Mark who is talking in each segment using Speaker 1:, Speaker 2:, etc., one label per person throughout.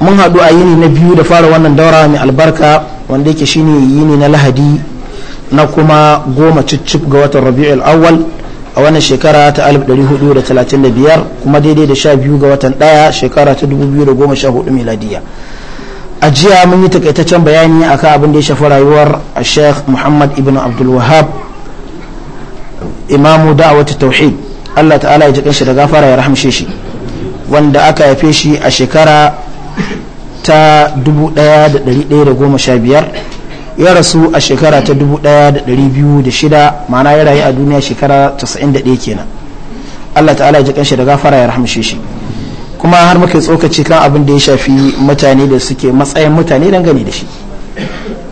Speaker 1: mun haɗu a yini na biyu da fara wannan daura mai albarka wanda yake shine yini na lahadi na kuma goma cicif ga watan rabi'ul awwal a wannan shekara ta 1435 kuma daidai da sha biyu ga watan ɗaya shekara ta 2014 miladiya a jiya mun yi takaitaccen bayani a akan abin da ya shafi rayuwar sheikh muhammad ibn abdul wahab imamu wata tauhid allah ta'ala ya ji kanshi da gafara ya rahamshe shi wanda aka haife shi a shekara ta 1115 ya rasu a shekara ta 1206 mana ya rayu a duniya shekara 91 kenan Allah ta'ala ya ji kanshi da gafara ya rahamshe shi kuma har muka tsokaci kan abin da ya shafi mutane da suke matsayin mutane dangane da shi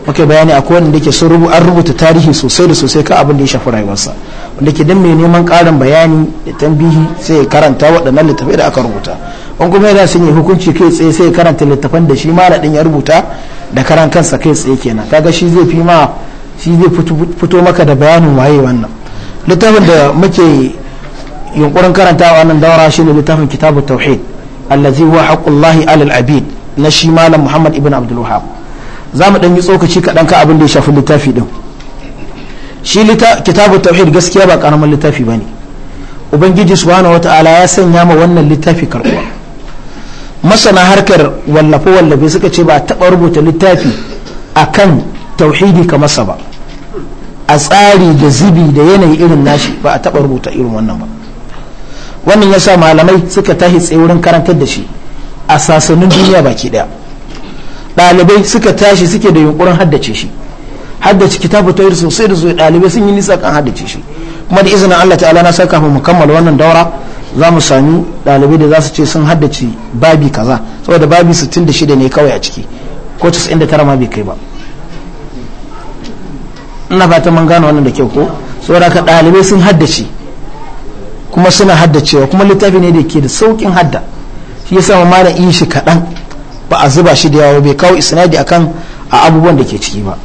Speaker 1: muka bayani a kowane wanda ke sun an rubuta tarihi sosai da sosai kan abin da ya shafi rayuwarsa wanda ke dan mai neman karin bayani da tambihi sai ya karanta waɗannan littafai da aka rubuta an kuma yana sun yi hukunci kai tsaye sai ya karanta littafan da shi malamin ya rubuta da karan kansa kai tsaye kenan kaga shi zai fi ma shi zai fito maka da bayanin waye wannan littafin da muke yunkurin karanta wannan daura shi ne littafin kitabu tauhid allazi huwa haqqullahi alal abid na shi malam muhammad ibn abdul wahab za mu dan yi tsokaci kaɗan ka abin da ya shafi littafi din shi kitabu tauhid gaskiya ba karamin littafi bane ubangiji subhanahu ta'ala ya sanya ma wannan littafi karkuwa masana harkar wallafe wallafe suka ce ba taɓa rubuta littafi a kan tauhidi kamar sa ba a tsari da zibi da yanayi irin nashi ba a taɓa rubuta irin wannan ba wannan yasa malamai suka tashi tsaye wurin karantar da shi a sassanin duniya baki ɗaya ɗalibai suka tashi suke da yunkurin haddace shi haddace kitabu tawhid sosai da zuwa dalibai sun yi nisa kan haddace shi kuma da izinin Allah ta'ala na saka mu kammala wannan daura za mu sami dalibai da za su ce sun haddace babi kaza saboda babi 66 ne kawai a ciki ko 99 ma bai kai ba ina fata mun gano wannan da kyau ko saboda ka dalibai sun haddace kuma suna haddacewa kuma littafi ne da ke da saukin hadda shi yasa mu mara yin shi kaɗan ba a zuba shi da yawa bai kawo isnadi akan a abubuwan da ke ciki ba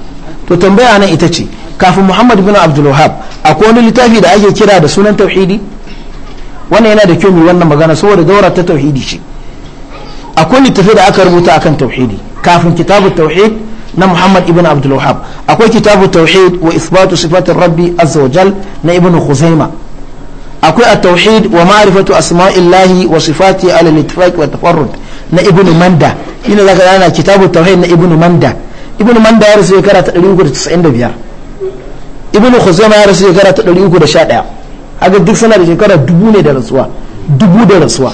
Speaker 1: to tambaya nan ita ce kafin muhammad bin abdul wahab akwai wani littafi da ake kira da sunan tauhidi wannan yana da kyau mai wannan magana saboda daura ta tauhidi ce akwai littafi da aka rubuta akan tauhidi kafin kitabu tauhid na muhammad ibn abdul wahab akwai kitabu tauhid wa isbatu sifatin rabbi azza wa jal na ibn khuzaima akwai a tauhid wa ma'rifatu asma'illahi wa sifati ala al-ittifaq wa tafarrud na ibn manda ina zaka ana kitabu tauhid na ibn manda ibn manda ya rasu shekara ta 395 ibn khuzaima ya rasu shekara ta 311 haka duk suna da shekara dubu ne da rasuwa dubu da rasuwa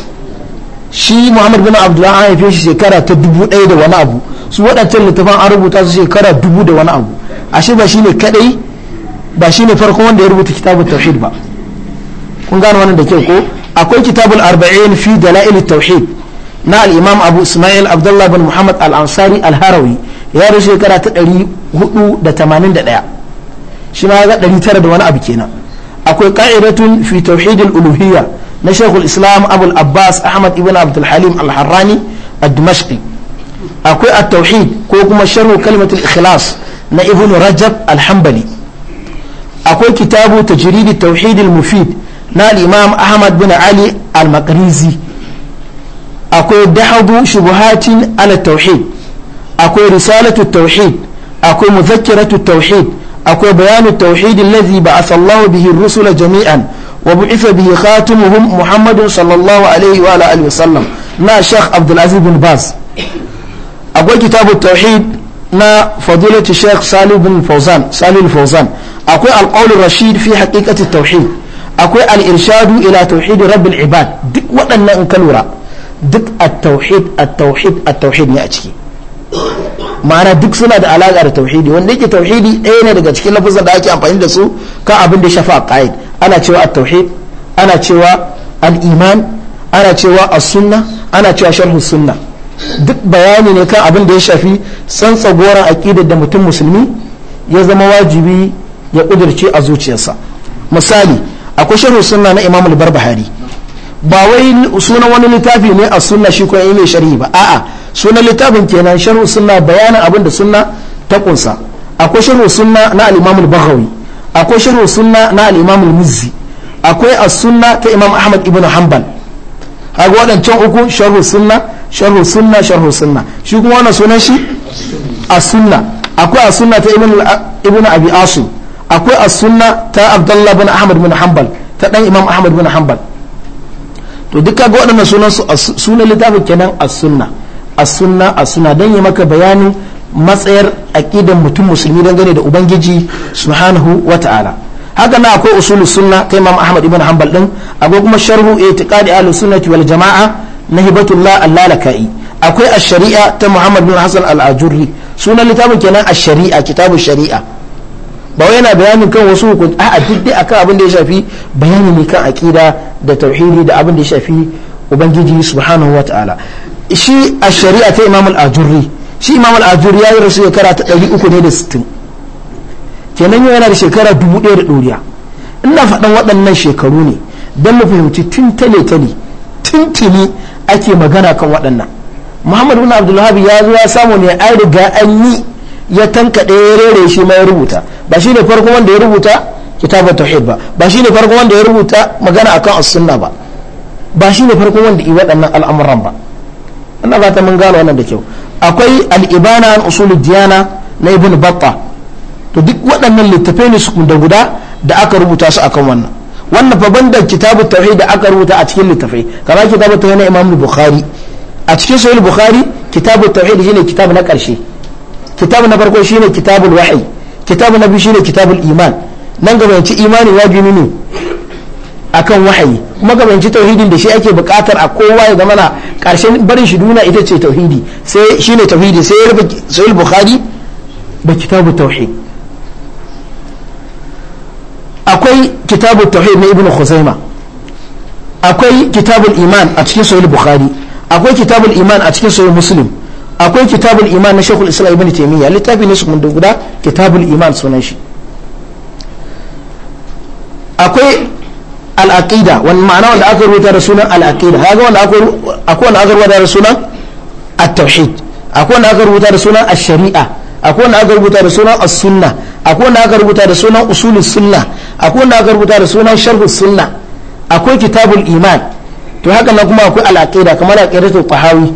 Speaker 1: shi muhammad bin abdullah an haife shi shekara ta dubu ɗaya da wani abu su waɗancan littafan an rubuta su shekara dubu da wani abu ashe ba shine kadai ba shine farkon wanda ya rubuta kitabun tauhid ba kun gano wannan da kyau ko akwai kitabul arba'in fi dala'il tauhid na al-imam abu ismail abdullah bin muhammad al-ansari al-harawi ya da shekara ta 481 shi ma ga 900 da wani abu kenan akwai ka'idatun fi tauhidil uluhiyya na shekul islam abul abbas ahmad ibn abdul halim al-harrani a dimashqi akwai a tauhid ko kuma sharhu kalimatul ikhlas na ibn rajab al hambali akwai kitabu ta at-tauhid mufid na al-imam ahmad bin ali al-maqrizi akwai dahadu shubuhatin ala tauhid akwai risalatu tauhid akwai muzakkiratu tauhid akwai bayanu tauhid allazi ba'atha Allahu bihi rusula jami'an wa bu'itha bihi khatimuhum Muhammadun sallallahu alaihi wa alihi wa sallam na Sheikh Abdul Aziz bin Baz akwai kitabu tauhid na fadilatu Sheikh Salih bin Fawzan Salih Fawzan akwai al rashid fi haqiqati tauhid akwai al-irshadu ila tauhid rabbil ibad duk waɗannan in ka lura duk at-tauhid at-tauhid at-tauhid ne a ciki ma'ana duk suna da alaƙa da tauhidi wanda yake tauhidi ɗaya ne daga cikin lafazan da ake amfani da su kan abin da ya shafa ƙa'id ana cewa at-tauhid ana cewa al-iman ana cewa as-sunna ana cewa sharhu sunna duk bayani ne kan abin da ya shafi tsantsagoran aƙidar da mutum musulmi ya zama wajibi ya ƙudurce a zuciyarsa misali akwai sharhu sunna na imam al-barbahari ba wai sunan wani littafi ne a sunna shi kuma yi mai sharhi ba a'a sunan littafin kenan sharhu sunna bayanin abin da sunna ta kunsa akwai sharhu sunna na al-imam al akwai sharhu sunna na al-imam al-muzzi akwai as-sunna ta imam ahmad ibn hanbal haka waɗancan uku sharhu sunna sharhu sunna sharhu sunna shi kuma wannan sunan shi as-sunna akwai as-sunna ta ibn ibn abi asim akwai as-sunna ta abdullah bin ahmad bin hanbal ta dan imam ahmad bin hanbal to duk kaga waɗannan sunan su sunan littafin kenan as-sunna as-sunna as-sunna dan yi maka bayani matsayar aqidar mutum musulmi dangane da ubangiji subhanahu wata'ala haka na akwai usulu sunna ta imam ahmad ibn hanbal din akwai kuma sharhu i'tiqadi ahlus sunnati wal jama'a na hibatullah al-lalaka'i akwai ash-shari'a ta muhammad bin hasan al-ajurri sunan littafin kenan ash-shari'a kitabu shari'a ba wai yana bayanin kan wasu hukunci a'a duk dai akan abin da ya shafi bayani ne kan aqida da tauhidi da abin da ya shafi ubangiji subhanahu wa ta'ala shi a shari'a ta imam al-ajurri shi imam al-ajurri ya yi rasu shekara ta 360 kenan yau yana da shekara 1000 da ɗoriya ina faɗan waɗannan shekaru ne don mu fahimci tun tale-tale tuntuni ake magana kan waɗannan muhammad bin abdullahi ya zo ya samu ne an riga an yi ya tankaɗe ya rere shi ma ya rubuta ba shi ne farko wanda ya rubuta kitabun tauhid ba ba shi farkon wanda ya rubuta magana akan as-sunna ba ba shi farkon wanda yi waɗannan al'amuran ba ina ba ta mun gano wannan da kyau akwai al-ibana an usul diyana na ibn batta to duk waɗannan littafai ne su da guda da aka rubuta su akan wannan wannan fa banda kitabun tauhid da aka rubuta a cikin littafai kamar kitabun tauhid na imam bukhari a cikin sahih bukhari kitabun tauhid shine kitab na karshe kitab na farko shine kitabul wahyi kitab na biyu shine kitabul iman dan gabanci imani wajini ne akan wahayi kuma gabanci tauhidin da shi ake bukatar a kowa ya zamana karshen barin shi duna ita ce tauhidi sai shine tauhidi sai ya rubuta sahih bukhari da kitabu tauhid akwai kitabu tauhid na ibnu khuzaima akwai kitabu iman a cikin sahih bukhari akwai kitabu iman a cikin sahih muslim akwai kitabu iman na shekul islam ibn taymiya littafi ne su mun guda kitabu iman sunan shi akwai al'aqida wani ma'ana wanda aka rubuta da sunan al'aqida ya wanda akwai wanda aka rubuta da sunan at-tauhid akwai wanda aka rubuta da sunan ash-shari'a akwai wanda aka rubuta da sunan as-sunna akwai wanda aka rubuta da sunan usulus sunna akwai wanda aka rubuta da sunan sharhus sunna akwai kitabul iman to haka nan kuma akwai al'aqida kamar aqidatul qahawi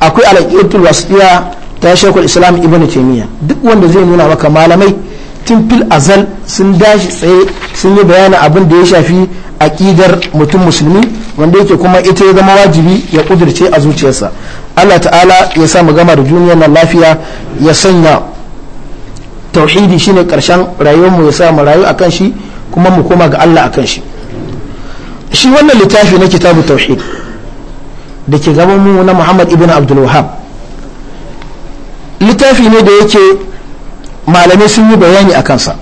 Speaker 1: akwai al'aqidatul wasfiya ta shaykhul islam ibnu taymiya duk wanda zai nuna maka malamai tun fil azal sun dashi tsaye sun yi bayanin abin da ya shafi aƙidar mutum musulmi wanda yake kuma ita ya zama wajibi ya kudurce a zuciyarsa Allah ta'ala ya sa mu gama da duniyar nan lafiya ya sanya tauhidi shine karshen rayuwarmu ya sa mu rayu akan shi kuma mu koma ga Allah akan shi shi wannan littafi na kitabu tauhid da ke gaban mu na Muhammad ibn Abdul Wahhab littafi ne da yake malamai sun yi bayani a kansa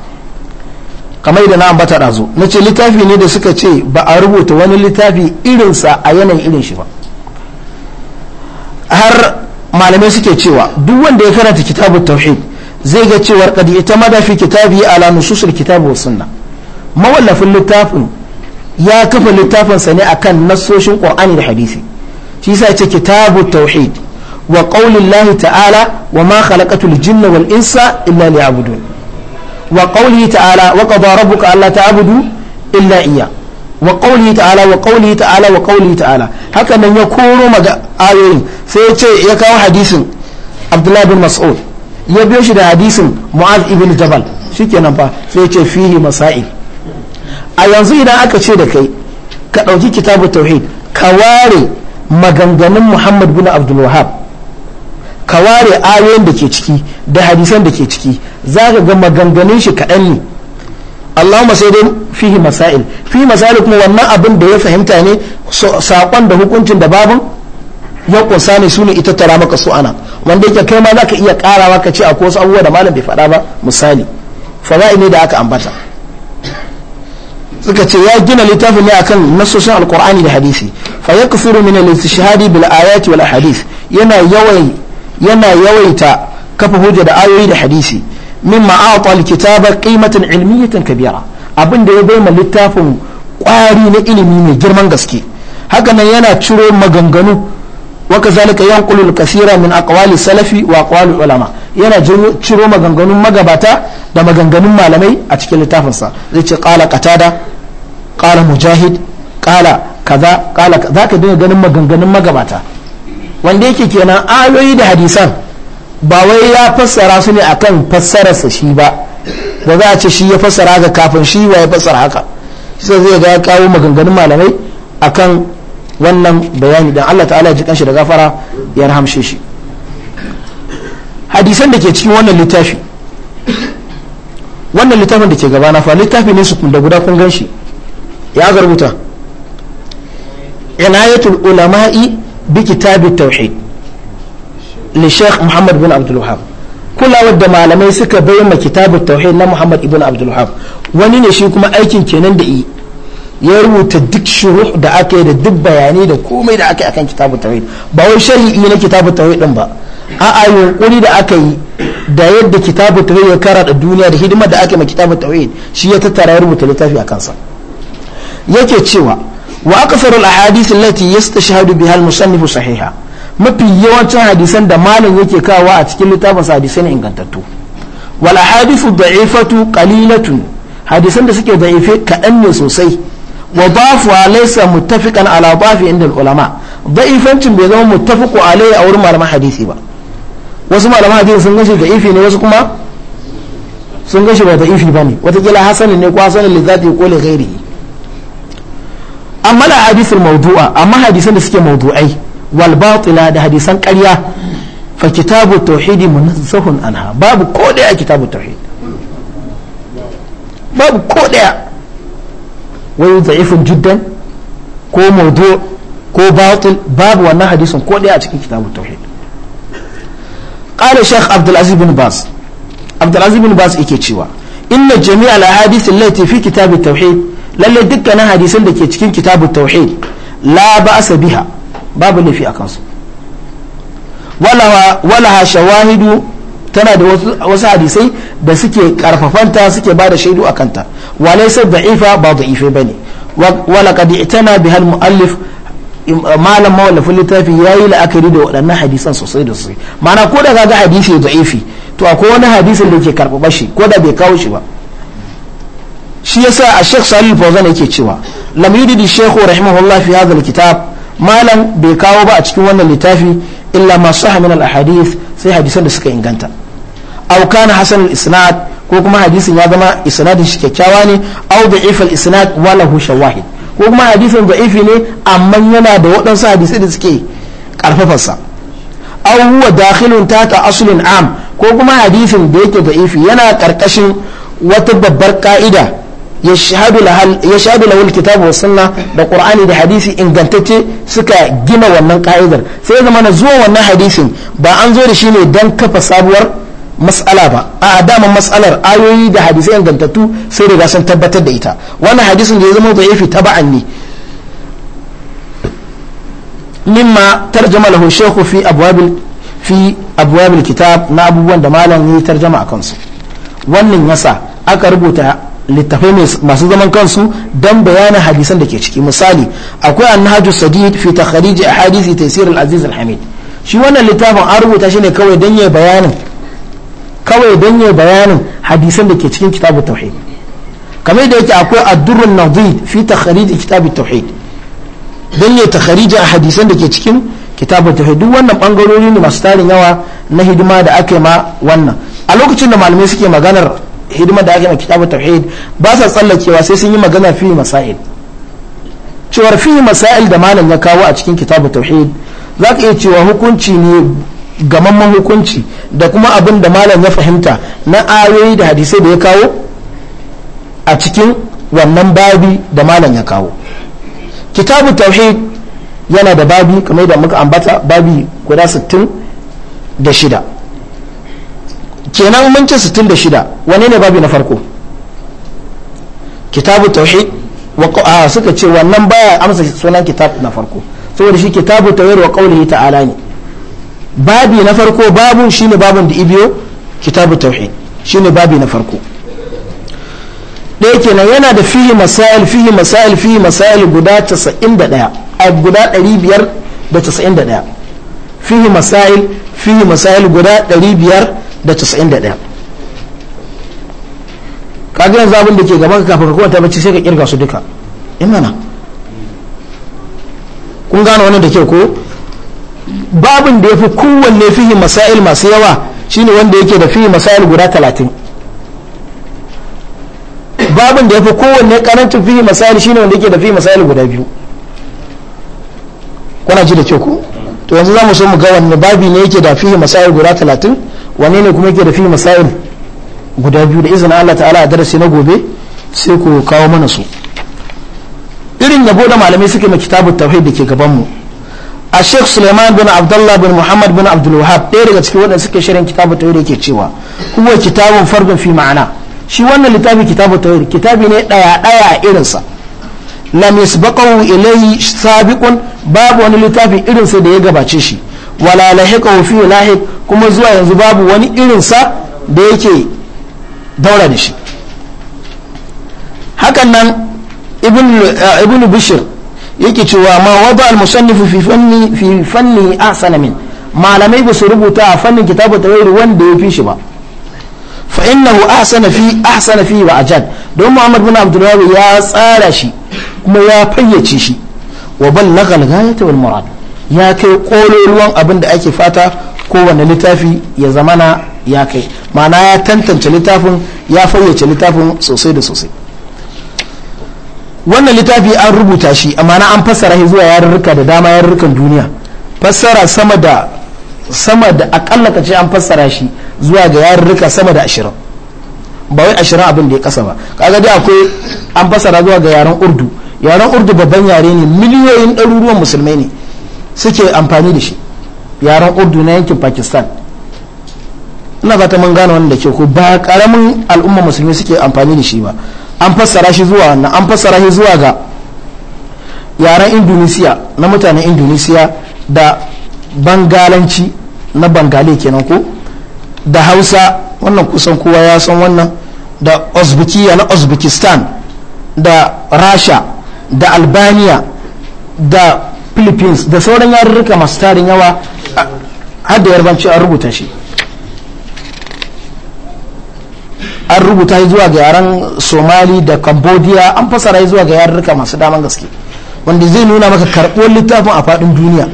Speaker 1: kamar da na ambata ɗazu na ce littafi ne da suka ce ba a rubuta wani littafi irinsa a yanayin irin shi ba har malamai suke cewa duk wanda ya karanta kitabu tauhid zai ga cewar kadi ita madafi kitabi ala nususul kitabu wa sunna mawallafin littafin ya kafa littafinsa ne akan nasoshin qur'ani da hadisi shi yasa ce kitabu tauhid wa qaulillahi ta'ala wa ma khalaqatul jinna wal insa illa liya'budun wa qaulihi ta'ala wa qada rabbuka alla ta'budu illa iya wa ta'ala wa ta'ala wa ta'ala haka nan ya koro maga ayoyin sai ya kawo hadisin Abdullah Mas'ud ya biyo shi da hadisin Mu'az ibn Jabal shikenan fa sai ya ce fihi a yanzu idan aka ce da kai ka ɗauki kitabu tauhid ka ware maganganun muhammad bin abdulwahab ka ware ayoyin da ke ciki da hadisan da ke ciki za ka ga maganganun shi kaɗan ne Allahumma sai dai fihi masail fihi masail kuma wannan abin da ya fahimta ne saƙon da hukuncin da babin ya kunsa ne sune ita tara maka su ana wanda yake kai ma za ka iya karawa ka ce akwai wasu abubuwa da malam bai faɗa ba misali fada'i ne da aka ambata suka ce ya gina littafin ne akan nassoshin alkur'ani da hadisi fa yakfuru min al-istishhadi bil ayati wal hadith yana yawan yana yawaita kafa hujja da ayoyi da hadisi min a'ata alkitaba qimatan ilmiyatan kabira abin da ya bai ma littafin kwari na ilimi mai girman gaske haka nan yana ciro maganganu wa kazalika yanqulu kaseera min aqwali salafi wa aqwali ulama yana ciro maganganun magabata da maganganun malamai a cikin sa zai ce qala qatada qala mujahid qala kaza qala zaka dinga ganin maganganun magabata wanda yake kenan ayoyi da hadisan ba wai ya fassara su ne akan fassararsa shi ba da za a ce shi ya fassara ga kafin shi wa ya fassara haka sai zai ga kawo maganganun malamai akan wannan bayani dan Allah ta'ala ya ji kanshi da gafara ya rahamshe shi hadisan da ke cikin wannan littafi wannan littafin da ke gaba na fa littafi ne su da guda kun ganshi ya ga inayatul ulama'i بكتاب التوحيد للشيخ محمد بن عبد الوهاب kulawar da malamai suka ma kitabi tauhid na Muhammad ibn Abdul Wahab wani ne shi kuma aikin kenan da yi ya rubuta duk shuruh da aka yi da duk bayani da komai da aka yi akan kitabu tauhid ba wai sharhi na kitabu tauhid din ba a'a yunkuri da aka yi da yadda kitabi tauhid ya karata duniya da hidimar da aka yi ma kitabu tauhid shi ya tattara ya rubuta littafi a kansa yake cewa wa akthar al ahadith allati yastashhadu biha al musannif sahiha mafi yawancin hadisan da malam yake kawa a cikin littafin hadisai ne ingantattu wal ahadithu da'ifatu qalilatun hadisan da suke da'ife kaɗan ne sosai wa dafuwa laysa muttafiqan ala dafi inda ulama da'ifancin bai zama muttafiqu alai a wurin malaman hadisi ba wasu malaman hadisi sun gashi da'ifi ne wasu kuma sun gashi ba da'ifi bane watakila hasanin ne ko hasanin lizati ko li ghairihi amma la hadisul mawdu'a amma hadisan da suke mawdu'ai wal batila da hadisan ƙarya fa kitabu tauhidi munazzahun anha babu ko daya kitabu tauhid babu ko daya wai da'ifun jiddan ko mawdu ko batil babu wannan hadisin ko daya a cikin kitabu tauhid qala shaykh abdul aziz bin bas abdul aziz bin bas yake cewa inna jami'a al-ahadith allati fi kitab at-tauhid lalle dukkanin hadisan da ke cikin kitab at-tauhid la ba'sa biha babu akan su walaha walaha shawahidu tana da wasu hadisai da suke karfafanta suke bada shaidu akan ta walaysa da'ifa ba da'ife bane wala qad i'tana biha al-mu'allif malam mawallafin littafi yayi la'akari da waɗannan hadisan sosai da sosai ma'ana ko da kaga hadisi da'ifi to akwai wani hadisin da ke karɓa shi ko da bai kawo shi ba shi ya sa a Sheikh Salih fauzan yake cewa wa yuridi Sheikh rahimahullah fi hadha kitab malam bai kawo ba a cikin wannan littafi illa masu sahha min al sai hadisan da suka inganta aw kana hasan al-isnad ko kuma hadisin ya zama isnadin shi kyakkyawa ne au da'if al-isnad wa lahu shawahid ko kuma hadisin da'ifi ne amma yana da waɗansu hadisai da suke karfafarsa aw huwa dakhilun tata aslin am ko kuma hadisin da yake da'ifi yana karkashin wata babbar ka'ida ya shahadu lahul kitabu wa sunna da qur'ani da hadisi ingantacce suka gina wannan ka'idar sai ya zama na zuwa wannan hadisin ba an zo da shi ne dan kafa sabuwar mas'ala ba a dama mas'alar ayoyi da hadisai ingantattu sai riga sun tabbatar da ita wannan hadisin da ya zama da'ifi taba'an ne mimma tarjama lahu shaykhu fi abwabil fi abwabil kitab na abubuwan da malam ya tarjama a kansu wannan yasa aka rubuta littafai masu zaman kansu don bayanin hadisan da ke ciki misali akwai annahaju sadid fi takhrij ahadisi taysir al-aziz al-hamid shi wannan littafin an rubuta shi ne kawai don ya bayanin kawai don bayanin hadisan da ke cikin kitabut tauhid kamar da yake akwai ad-durrun nadid fi takhrij kitabut tauhid don ya takharija a hadisan da ke cikin kitabun tauhid duk wannan bangarori ne masu tarin yawa na hidima da aka ma wannan a lokacin da malamai suke maganar hidima da aka ma kitabun tauhid ba sa tsallakewa sai sun yi magana fi masail cewar fi masail da malam ya kawo a cikin kitabun tauhid za ka iya cewa hukunci ne gamamman hukunci da kuma abin da malam ya fahimta na ayoyi da hadisai da ya kawo a cikin wannan babi da malam ya kawo kitabu tauhid yana da babi kamar da muka ambata babi guda 66 kenan mun ci 66 wane ne babi na farko kitabu tauhid a suka ce wannan baya amsa sunan kitab na farko saboda shi kitabu tauhid wa qaulihi ta'ala ne babi na farko babun shine babun da ibiyo kitabu tauhid shine babi na farko ɗaya kenan yana da fihi masail fihi masail fihi masail guda 91 a guda 591 fihi masail fihi masail guda 591 kaga yanzu abin da ke gaban ka kafin ka kwanta bacci sai ka kirga su duka imana kun gane wannan da ke ko babin da ya fi kowanne fihi masail masu yawa shine wanda yake da fihi masail guda 30 babin da ya fi kowanne karancin fihi misali shine wanda yake da fihi misali guda biyu kuna ji da kyau ko to yanzu za mu so mu ga wanne babi ne yake da fihi misali guda talatin wanne ne kuma yake da fihi misali guda biyu da izinin Allah ta'ala a darasi na gobe sai ku kawo mana su irin yabo da malamai suke ma kitabun tauhid da ke gaban mu a sheikh suleiman bin abdullah bin muhammad bin abdul wahab ɗaya daga cikin waɗanda suke shirin kitabun da yake cewa kuma kitabun farbin fi ma'ana shi wannan littafi kitabu tauhid kitabi ne ɗaya ɗaya a irinsa lam yasbaqahu ilayhi sabiqun babu wani littafi irinsa da ya gabace shi wala lahiqahu fi lahiq kuma zuwa yanzu babu wani irinsa da yake daura da shi hakan nan ibn eh, bishir yake cewa ma wada al-musannifu fi fanni fi fanni malamai ba su rubuta a fannin kitabu tauhid wanda ya fi shi ba fa innahu ahsana fi ahsana fi wa ajad don Muhammad bin Abdul ya tsara shi kuma ya fayyace shi wa ballagha al-ghayata wal ya kai ruwan abin da ake fata kowane littafi ya zamana ya kai mana ya tantance littafin ya fayyace littafin sosai da sosai wannan littafi an rubuta shi amma na an fassara shi zuwa yarurruka da dama yarurrukan duniya fassara sama da sama da akalla ka ce an fassara shi zuwa ga yarurruka sama da ashirin ba wai ashirin abin da ya kasa ba kaga dai akwai an fassara zuwa ga yaren urdu yaren urdu babban yare ne miliyoyin ɗaruruwan musulmai ne suke amfani da shi yaren urdu na yankin pakistan ina fata mun gane wanda ke ko ba karamin al'umma musulmi suke amfani da shi ba an fassara shi zuwa wannan an fassara shi zuwa ga yaren indonesiya na mutanen indonesiya da bangalanci na bangale kenan ko da hausa wannan kusan kowa ya san wannan da uzbekiya na uzbekistan da rasha da albania da philippines da sauran yarurruka masu tarin yawa har da yarbanci an rubuta shi an rubuta shi zuwa ga yaren somali da cambodia an fasara shi zuwa ga yarurruka masu daman gaske wanda zai nuna maka karɓuwar littafin a faɗin duniya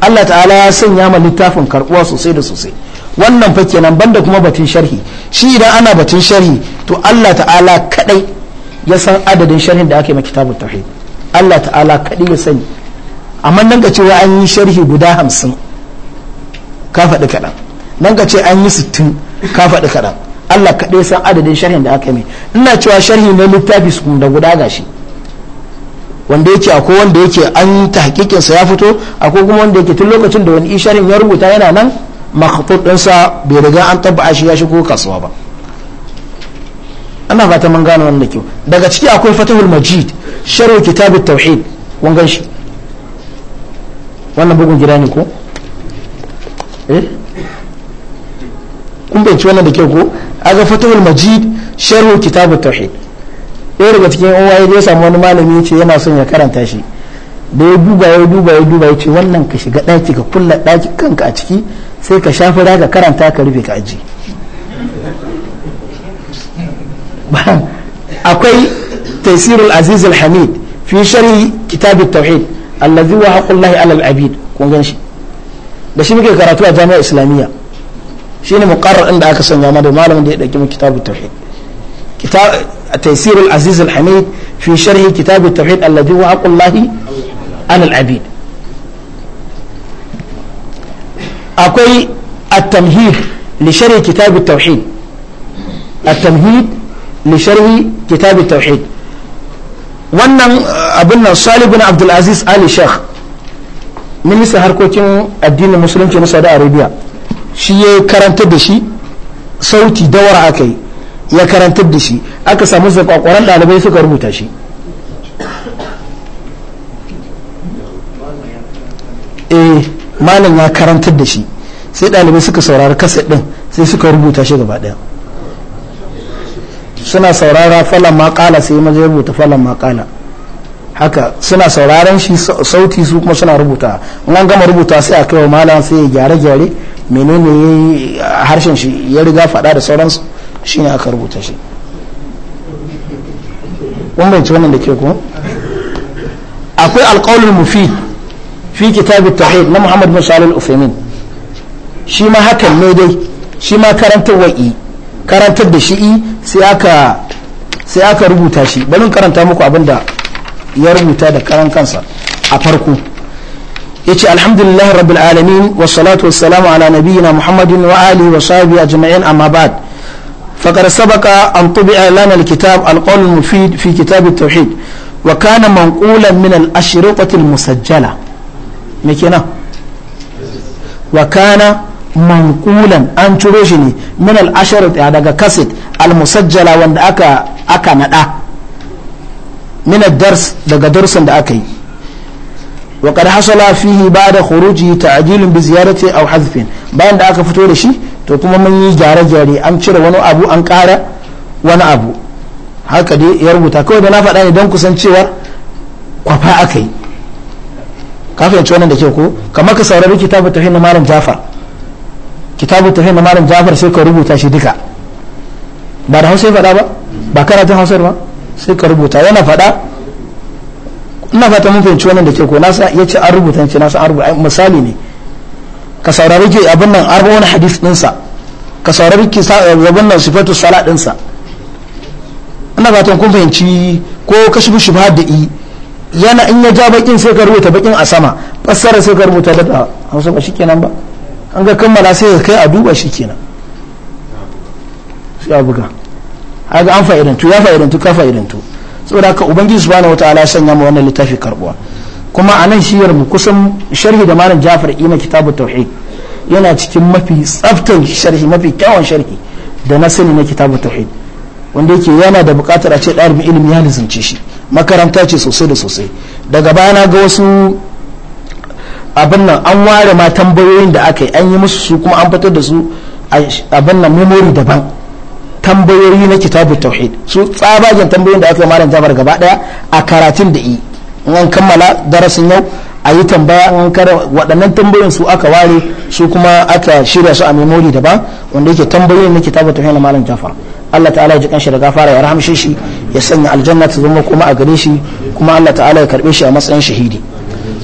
Speaker 1: Allah ta'ala ya sanya ma littafin karbuwa sosai da sosai wannan fa kenan banda kuma batun sharhi shi idan ana batun sharhi to Allah ta'ala kadai ya san adadin sharhin da aka yi ma kitabul tauhid Allah ta'ala kadai ya sani amma nan ga cewa an yi sharhi guda hamsin ka faɗi kaɗan nan ga ce an yi sittin ka faɗi kaɗan Allah kaɗai san adadin sharhin da aka yi ina cewa sharhi na littafi su da guda gashi wanda yake akwai wanda yake an tahqiqin sa ya fito akwai kuma wanda yake tun lokacin da wani isharin ya rubuta yana nan makhtut din sa bai riga an tabbata shi ya shigo kasuwa ba ana fata mun gane wannan kyau daga ciki akwai fatahul majid sharh kitab at-tauhid kun gan shi wannan bugun gida ne ko eh kun bai ci wannan da kyau ko aga fatahul majid sharh kitab at-tauhid ɗaya daga cikin yan waye ya samu wani malami ya ce yana son ya karanta shi da ya duba ya duba ya duba ya ce wannan ka shiga ɗaki ka kulla ɗaki kanka a ciki sai ka shafi ka karanta ka rufe ka aji akwai tafsirul aziz al-hamid fi sharhi kitab at-tauhid allazi wa haqqullahi abid kun gan shi da shi muke karatu a jami'a islamiyya shine muqarrar inda aka sanya mana da malamin da ya dauki mu kitab tauhid kitab تيسير العزيز الحميد في شرح كتاب التوحيد الذي هو حق الله على العبيد أقول التمهيد لشرح كتاب التوحيد التمهيد لشرح كتاب التوحيد wannan abin nan salih bin abdulaziz ali shekh minista harkokin addinin musulunci na saudi arabia shi ya karantar da shi sauti dawar akayi. ya karantar da shi aka samu zakwakwaran ɗalibai suka rubuta shi eh malam ya karantar da shi sai ɗalibai suka saurari kaset ɗin sai suka rubuta shi gaba ɗaya suna saurara falon makala sai maje rubuta falon makala haka suna sauraron shi sauti su kuma suna rubuta an gama rubuta sai a kai wa malam sai ya gyare-gyare menene harshen shi ya riga faɗa da sauransu shi ne aka rubuta shi wannan ci wannan da ke kuma akwai alƙawlul mufid fi kitabit tauhid na Muhammad bin Salih al-Uthaymeen shi ma hakan ne dai shi ma karantar wa'i karantar da shi'i sai aka sai aka rubuta shi bari karanta muku abinda da ya rubuta da karan kansa a farko yace alhamdulillah rabbil alamin wassalatu wassalamu ala nabiyyina muhammadin wa alihi wa sahbihi ajma'in amma ba'd فقد سبق أن طبع لنا الكتاب القول المفيد في كتاب التوحيد وكان منقولا من الأشرطة المسجلة مكينا وكان منقولا أن تروجني من الأشرطة هذا كاسيت المسجلة وأن أكا أكا ندا من الدرس دقا درس أكي وقد حصل فيه بعد خروجه تعديل بزيارته أو حذف بعد أكا فتولشي to kuma mun yi gyare-gyare an cire wani abu an kara wani abu haka dai ya rubuta kawai da na faɗa ne don kusan cewar kwafa aka yi ka fahimci wannan da ke ko kamar ka saurari kitabu ta na malam jafar kitabu ta na malam jafar sai ka rubuta shi duka ba da hausa ya faɗa ba ba karatun hausa ba sai ka rubuta yana faɗa ina fata mun fahimci wannan da ke ko nasa ya ce an rubuta ce nasa an rubuta misali ne ka saurari ke abin nan arba wani hadith dinsa ka saurari ke abin nan sifatu sala dinsa ina fatan kun fahimci ko kashi shubha da i yana in ya ja bakin sai ka rubuta bakin a sama fassara sai ka rubuta da Hausa ba shikenan ba an ga kammala sai ka kai a duba shikenan sai a buga haka an fa'idantu ya fa'idantu ka fa'idantu saboda ka ubangiji subhanahu wataala ya sanya mu wannan littafi karbuwa kuma a nan shiyar mu kusan sharhi da malam jafar ina kitabu tauhid yana cikin mafi tsaftar sharhi mafi kyawun sharhi da na sani na kitabu tauhid wanda yake yana da bukatar a ce ɗalibin ilimi ya zance shi makaranta ce sosai da sosai daga baya na ga wasu abin nan an ware ma tambayoyin da aka yi an yi musu su kuma an fitar da su abin nan memory daban tambayoyi na kitabu tauhid su tsabagen tambayoyin da aka yi malam jafar gaba daya a karatun da yi an kammala darasin yau a yi tambaya an kara waɗannan tambayoyin su aka ware su kuma aka shirya su a memori daban wanda yake tambayoyin na kitabu tafiya na malam jafar Allah ta'ala ya ji kanshi da gafara ya rahamshe shi ya sanya aljanna ta zama kuma a gare shi kuma Allah ta'ala ya karbe shi a matsayin shahidi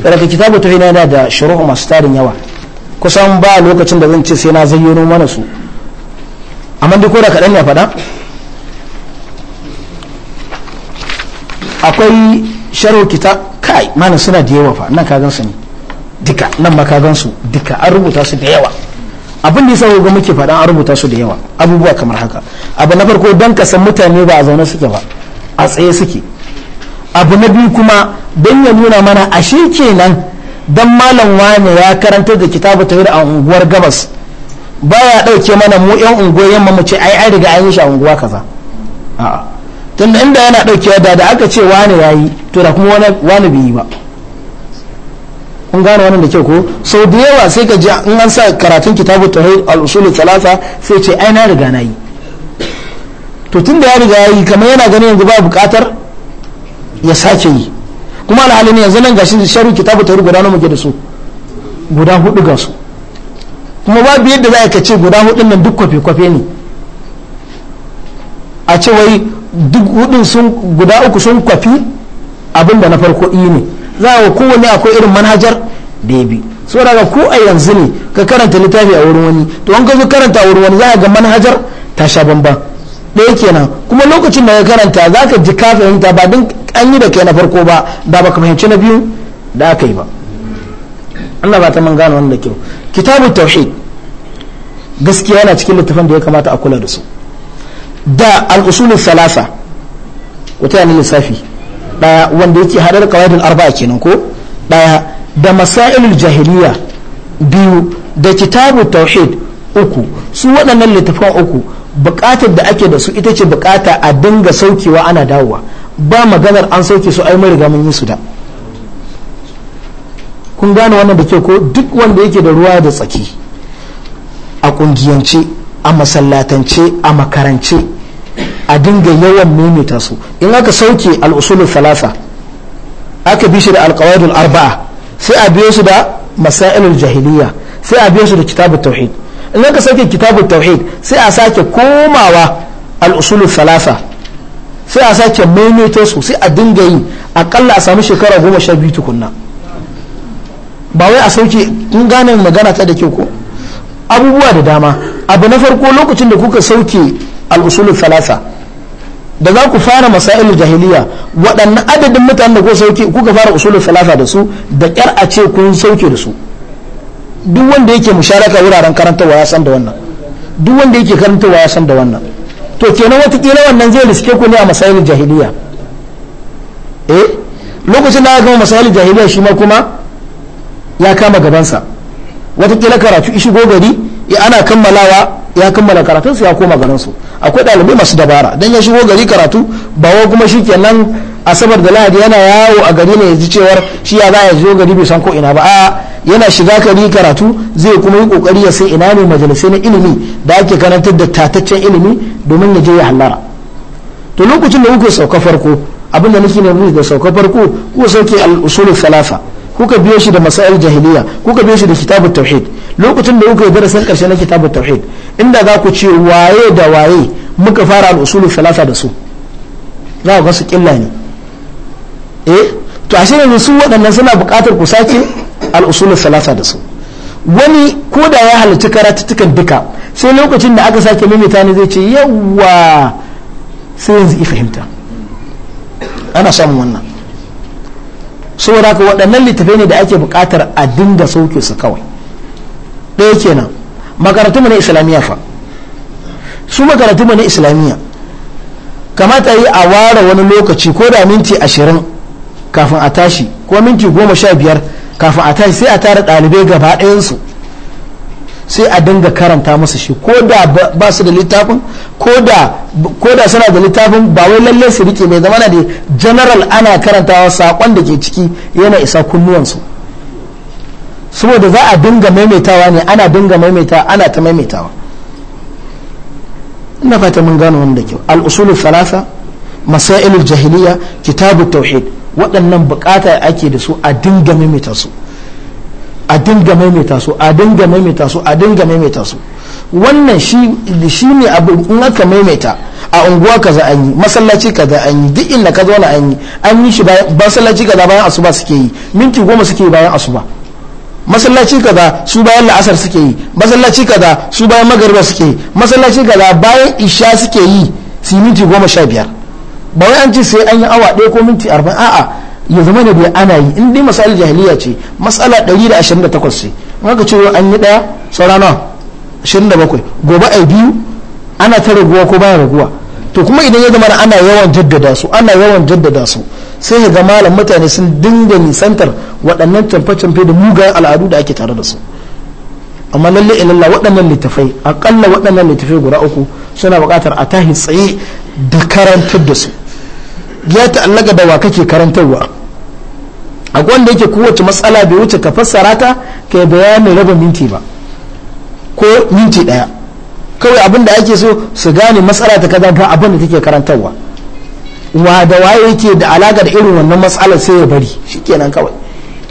Speaker 1: daga kitabu tafiya yana da shuruhu masu tarin yawa kusan ba lokacin da zan ce sai na zayyano mana su amma duk ko da kaɗan ya faɗa akwai sharo kita kai mana suna da yawa fa nan ka gansu ne duka nan ma ka gansu duka an rubuta su da yawa abin da yasa ga muke faɗa an rubuta su da yawa abubuwa kamar haka abu na farko dan ka san mutane ba a zaune suke ba a tsaye suke abu na biyu kuma dan ya nuna mana a ashe kenan dan malam wani ya karanta da kitabu tawhid a unguwar gabas baya dauke mana mu yan unguwar yamma mu ce ai an riga an yi shi a unguwa kaza a'a tunda inda yana ɗaukewa da da aka ce wani ya yi to da kuma wani bai yi ba kun gane wannan da kyau ko sau da yawa sai ka ji in an sa karatun kitabu ta al-usul talata sai ce ai na riga na yi to da ya riga ya yi kamar yana ganin yanzu ba bukatar ya sake yi kuma alhali ne yanzu nan gashin sharu kitabu ta guda nawa muke da su guda hudu ga su kuma biyar da za ka ce guda hudun nan duk kwafe-kwafe ne a ce wai duk hudun sun guda uku sun kwafi abinda na farko yi ne za a kowanne akwai irin manhajar da ya bi so daga ko a yanzu ne ka karanta littafi a wurin wani to an ka zo karanta a wurin wani za ga manhajar ta sha bamba ɗaya kenan kuma lokacin da ka karanta za ka ji ka fahimta ba din an yi da kai na farko ba da baka fahimci na biyu da aka yi ba Allah ba ta man gane wanda kyau kitabu tauhid gaskiya yana cikin littafin da ya kamata a kula da su da al'usulun salasa wata ta lissafi ɗaya wanda yake hadar kawaidin arba'a kenan ko ɗaya da masailul jahiliya biyu da kitabu tauhid uku su waɗannan littafan uku buƙatar da ake da su ita ce buƙata a dinga saukewa ana dawowa ba maganar an sauke su ai mai mun yi su da kun gane wannan da ke ko duk wanda yake da ruwa da tsaki a ƙungiyance a masallatance a makarance a dinga yawan maimaita su in aka sauke al'usulul thalatha aka bi shi da alkawadun arba'a sai a biyo su da masailul jahiliya sai a biyo su da kitabut tauhid in aka sauke kitabu tauhid sai a sake komawa al'usulul thalatha sai a sake maimaita su sai a dinga yi akalla a samu shekara goma sha biyu tukunna ba wai a sauke in gane magana ta da kyau ko abubuwa da dama abu na farko lokacin da kuka sauke al'usulul thalatha da za ku fara masa'ilu jahiliya waɗannan adadin mutanen da sauke kuka fara usulun salafa da su da ƙyar a ce kun sauke da su duk wanda yake musharaka wuraren karantarwa ya san da wannan duk wanda yake karantarwa ya san da wannan to kenan watakila wannan zai riske ku ne a masa'ilu jahiliya eh lokacin da aka gama masa'ilu jahiliya shi ma kuma ya kama gabansa watakila karatu ishigo gari ana kammalawa ya kammala karatun su ya koma su akwai ɗalibai masu dabara don ya shigo gari karatu ba wai kuma shi kenan asabar da lahadi yana yawo a gari ne ya ji cewar shi ya za a zo gari bai san ko ina ba a yana shiga gari karatu zai kuma yi kokari ya sai ina ne majalisai na ilimi da ake karantar da tataccen ilimi domin ya je ya hallara to lokacin da kuke sauka farko abin da nake nuna da sauka farko ku sauke al-usul thalatha kuka biyo shi da masail jahiliya kuka biyo shi da kitabut tauhid lokacin da kuka yi darasin karshe na kitabut tauhid inda za ku ce waye da waye muka fara al'usulu salasa da su za ku su killa ne eh to ashe yanzu su waɗannan suna buƙatar ku sake al'usulu salasa da su wani ko da ya halarci karatuttukan duka sai lokacin da aka sake mimita ne zai ce yawwa sai yanzu i fahimta ana samun wannan saboda haka waɗannan littafai ne da ake buƙatar a dinga sauke su kawai ɗaya kenan makarantu na islamiyya fa su makarantu na islamiyya kamata yi a ware wani lokaci ko da minti ashirin kafin a tashi ko minti goma sha biyar kafin a tashi sai a tara ɗalibai gaba ɗayansu sai a dinga karanta masa shi ko da ba su da littafin ko da suna da littafin ba wai lallai su rike mai zamana da general ana karantawa sakon da ke ciki yana isa kunnuwansu saboda za a dinga maimaitawa ne ana dinga maimaitawa ana ta maimaitawa ina fata mun gano wanda kyau al'usulu salasa masailul jahiliya kitabu tauhid waɗannan bukata ake da su a dinga maimaita su a dinga maimaita su a dinga maimaita su a dinga maimaita su wannan shi shi ne abu in aka maimaita a unguwa kaza an yi masallaci kaza an yi duk inda ka zauna an yi an yi shi masallaci kaza bayan asuba suke yi minti goma suke yi bayan asuba masallaci kaza su bayan la'asar suke yi masallaci kaza su bayan magariba suke yi masallaci kaza bayan isha suke yi su minti goma sha biyar ba wai an ce sai an yi awa ɗaya ko minti arba'in a'a ya zama da biya ana yi in dai masalar jahiliya ce matsala 128 ce in aka ce an yi daya saura 27 gobe a biyu ana ta raguwa ko baya raguwa to kuma idan ya zama ana yawan jaddada su ana yawan jaddada su sai ya zama malam mutane sun dinga nisantar waɗannan camfe-camfe da mugayen al'adu da ake tare da su amma lalle ilalla waɗannan littafai akalla waɗannan littafai guda uku suna buƙatar a tahi tsaye da karantar da su ya ta'allaka da wa kake karantarwa akwai wanda yake kowace matsala bai wuce ka fassara ta ka bayanin raba minti ba ko minti ɗaya kawai abin da ake so su gane matsala ta kaza ba abin da take karantarwa wa da waye yake da alaka da irin wannan matsalar sai ya bari shikenan kawai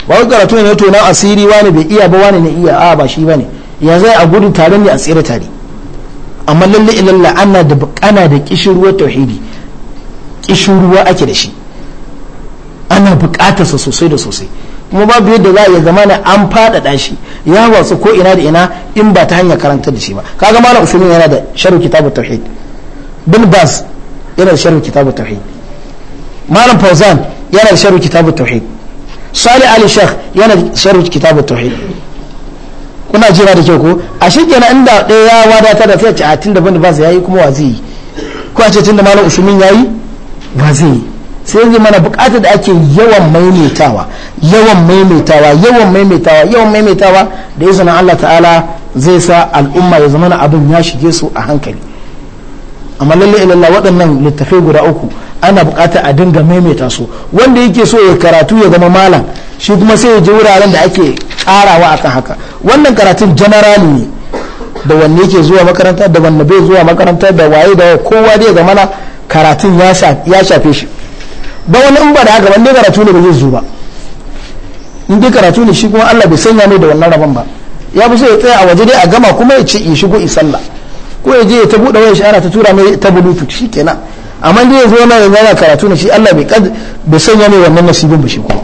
Speaker 1: ba wani karatu ne to na asiri wani bai iya ba wani ne iya a ba shi bane yanzu a gudu tare ne a tsira tare amma lalle ilalla ana da ana da kishirwa tauhidi ruwa ake da shi ana buƙatarsa sosai da sosai kuma babu yadda za a iya zamana an faɗaɗa shi ya wasu ko ina da ina in ba ta hanyar karantar da shi ba kaga malam usulun yana da sharhu kitabu tauhid bin bas yana da sharhu kitabu tauhid malam fauzan yana da sharhu kitabu tauhid salih ali shekh yana da sharhu kitabu tauhid kuna jira da kyau ko a shi kenan inda ɗaya ya wadata da sai a tun da bin bas ya yi kuma wa zai yi ko a ce tun da malam usulun ya yi ba zai yi sai zai mana bukatar da ake yawan maimaitawa yawan maimaitawa yawan maimaitawa yawan maimaitawa da izinin Allah ta'ala zai sa al'umma ya zama abin ya shige su a hankali amma lalle ilallah waɗannan littafai guda uku ana bukatar a dinga maimaita su wanda yake so ya karatu ya zama malam shi kuma sai ya je wuraren da ake karawa akan haka wannan karatun janarali ne da wanne yake zuwa makaranta da wanne bai zuwa makaranta da waye da kowa dai ga mana karatun ya shafe shi ba wani in ba da haka wanda karatu ne ba zai zo ba in dai karatu ne shi kuma Allah bai sanya mai da wannan rabon ba ya fi so ya tsaya a waje dai a gama kuma ya ce ya shigo isalla ko ya je ta buɗe wayar shara ta tura mai ta bluetooth shi kenan amma dai ya zo yanzu yana karatu ne shi Allah bai kad bai sanya mai wannan nasibin ba shi kuma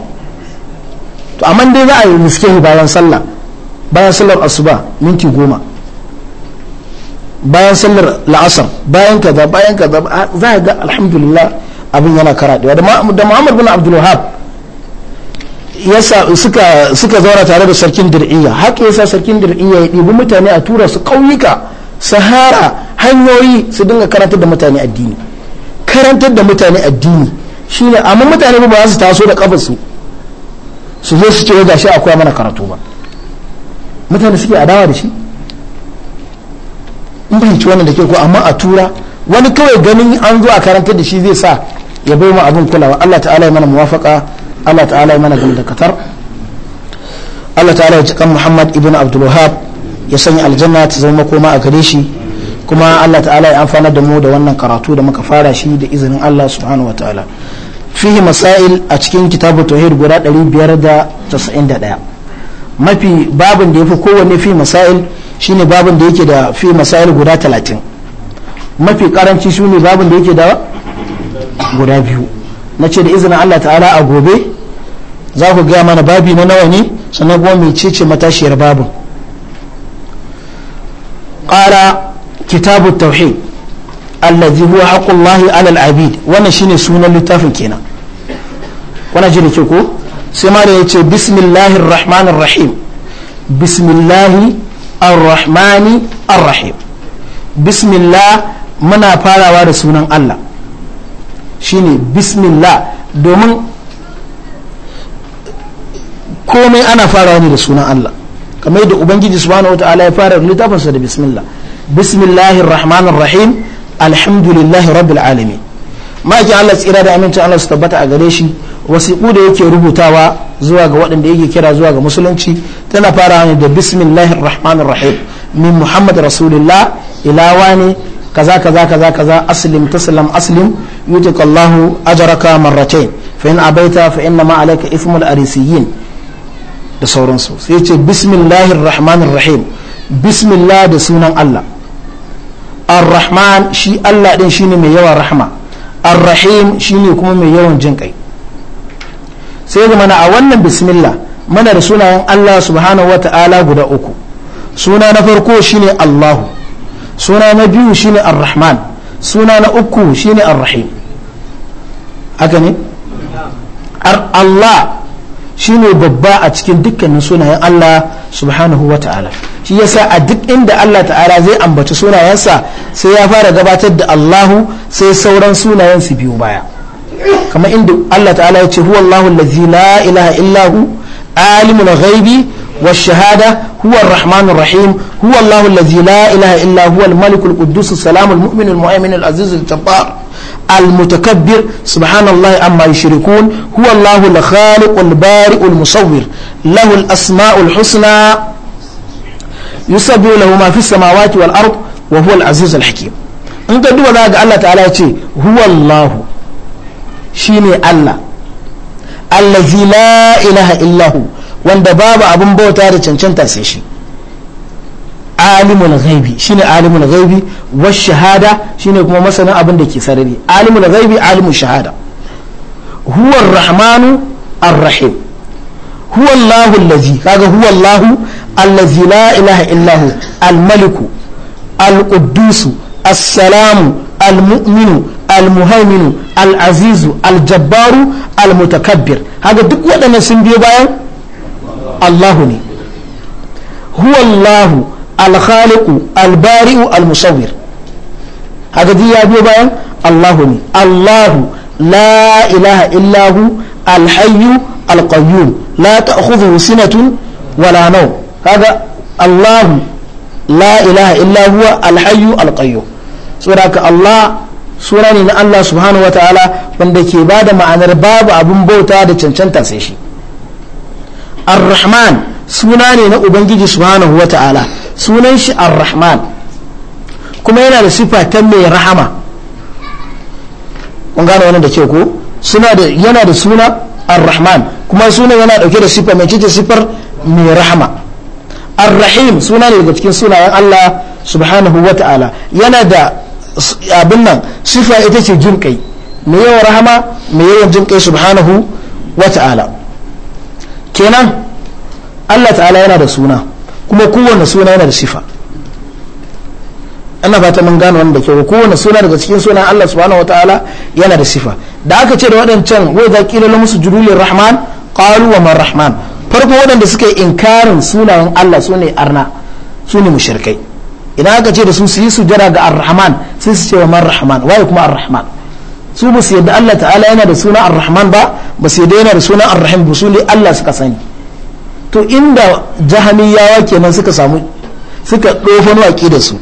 Speaker 1: to amma dai za a yi miskihi bayan sallah bayan sallar asuba minti goma bayan sallar la'asar bayan kaza bayan kaza za a ga alhamdulillah abin yana karaɗewa da muhammad bin abdul wahab suka zauna tare da sarkin dir'iyya haka yasa sarkin dir'iyya ya ɗibi mutane a tura su ƙauyuka sahara hanyoyi su dinga karantar da mutane addini karantar da mutane addini shine amma mutane ba su taso da kafarsu su zo su ce gashi akwai mana karatu ba mutane suke adawa da shi in fahimci wannan da ke ko amma a tura wani kawai ganin an zo a karantar da shi zai sa ya bai mu abin kulawa Allah ta'ala ya mana muwafaka Allah ta'ala ya mana gamdakatar Allah ta'ala ya cikan Muhammad ibn Abdul Wahab ya sanya aljanna ta zama koma a gare shi kuma Allah ta'ala ya amfana da mu da wannan karatu da muka fara shi da izinin Allah subhanahu wa ta'ala fihi masail a cikin kitabu tauhid guda 591 mafi babin da yafi kowanne fi masail shine babin da yake da fi masail guda 30 mafi karanci shine babin da yake da guda biyu na ce da izinin Allah ta'ala a gobe za ku gaya mana babi na nawa ne sannan kuma mai cece matashiyar babin ƙara kitabu tauhid allazi huwa haqqullahi alal abid wannan shine sunan littafin kenan wannan ji ke ko sai ma da yace bismillahir rahim bismillahi rahmani arrahim bismillah muna farawa da sunan Allah shine bismillah domin komai ana fara ne da sunan Allah kamar yadda ubangiji subhanahu wataala ya fara littafinsa da bismillah bismillahir rahmanir rahim alhamdulillahi rabbil alamin ma'aikin Allah tsira da aminci Allah su tabbata a gare shi wasiƙu da yake rubutawa zuwa ga waɗanda yake kira zuwa ga musulunci tana fara ne da bismillahir rahmanir rahim min muhammad rasulillah ila wani kaza kaza kaza kaza aslim taslam aslim yutik Allahu ajraka marratayn fa in abaita fa inna ma alayka ithmul arisiyin da sauransu sai ce bismillahir rahmanir rahim bismillah da sunan Allah ar-rahman shi Allah din shine mai yawan rahma ar-rahim shine kuma mai yawan jin kai sai da mana a wannan bismillah mana da sunayen Allah subhanahu wata'ala guda uku suna na farko shine Allahu suna na biyu shine ar-rahman suna na uku shine ar-rahim haka ne Allah shine babba a cikin dukkanin sunayen Allah subhanahu wa ta'ala shi yasa a duk inda Allah ta'ala zai ambaci sunayensa sai ya fara gabatar da Allahu sai sauran sunayen su biyu baya kamar inda Allah ta'ala ya ce huwa Allahu allazi la ilaha illahu alimul ghaibi والشهادة هو الرحمن الرحيم هو الله الذي لا إله إلا هو الملك القدوس السلام المؤمن المؤمن العزيز الجبار المتكبر سبحان الله عما يشركون هو الله الخالق البارئ المصور له الأسماء الحسنى يسبح له ما في السماوات والأرض وهو العزيز الحكيم أنت دو ذاك الله تعالى هو الله شيني الله الذي لا إله إلا هو wanda babu abin bauta da cancanta sai shi alimul ghaibi shine alimul ghaibi was shahada shine kuma masanin abin da ke sarari alimul ghaibi alimul shahada huwa ar-rahmanu ar-rahim huwa Allahu allazi kaga huwa Allahu allazi la ilaha illa hu al-malik al-quddus as-salam al-mu'min al al-aziz al-jabbar haka duk waɗannan sun biyo bayan Allahu ne huwa Allahu al-khaliqu al-bari'u al-musawwir haka ya biyo bayan Allahu ne Allahu la ilaha illa hu al-hayyu al-qayyum la ta'khudhuhu sinatun wala nawm haka Allahu la ilaha illa huwa al-hayyu al-qayyum Allah sura na Allah subhanahu wa ta'ala wanda ke ba da ma'anar babu abin bauta da cancanta sai shi ar-rahman suna ne na ubangiji subhanahu wa ta'ala sunan shi ar-rahman kuma yana da sifa ta mai rahama kun gane wannan da ke ko suna da yana da suna ar-rahman kuma sunan yana dauke da sifa mai cece sifar mai rahama ar-rahim suna ne daga cikin sunayen Allah subhanahu wa ta'ala yana da abin nan sifa ita ce jin kai mai yawan rahama mai yawan subhanahu wa ta'ala kenan Allah ta'ala yana da suna kuma kowane suna yana da sifa ana fata mun gano wanda ke kowane suna daga cikin sunan Allah subhanahu ta'ala yana da sifa da aka ce da wadancan wai za kila la musu jurulir rahman qalu wa man rahman farko waɗanda suka yi inkarin sunayen Allah su arna su ne mushrikai idan aka ce da su su yi sujada ga ar-rahman sai su ce wa man rahman waye kuma ar-rahman su ba su yadda Allah ta'ala yana da suna ar-rahman ba ba sai dai da sunan arrahim ba su ne Allah suka sani to inda jahamiyawa kenan suka samu suka dofano da su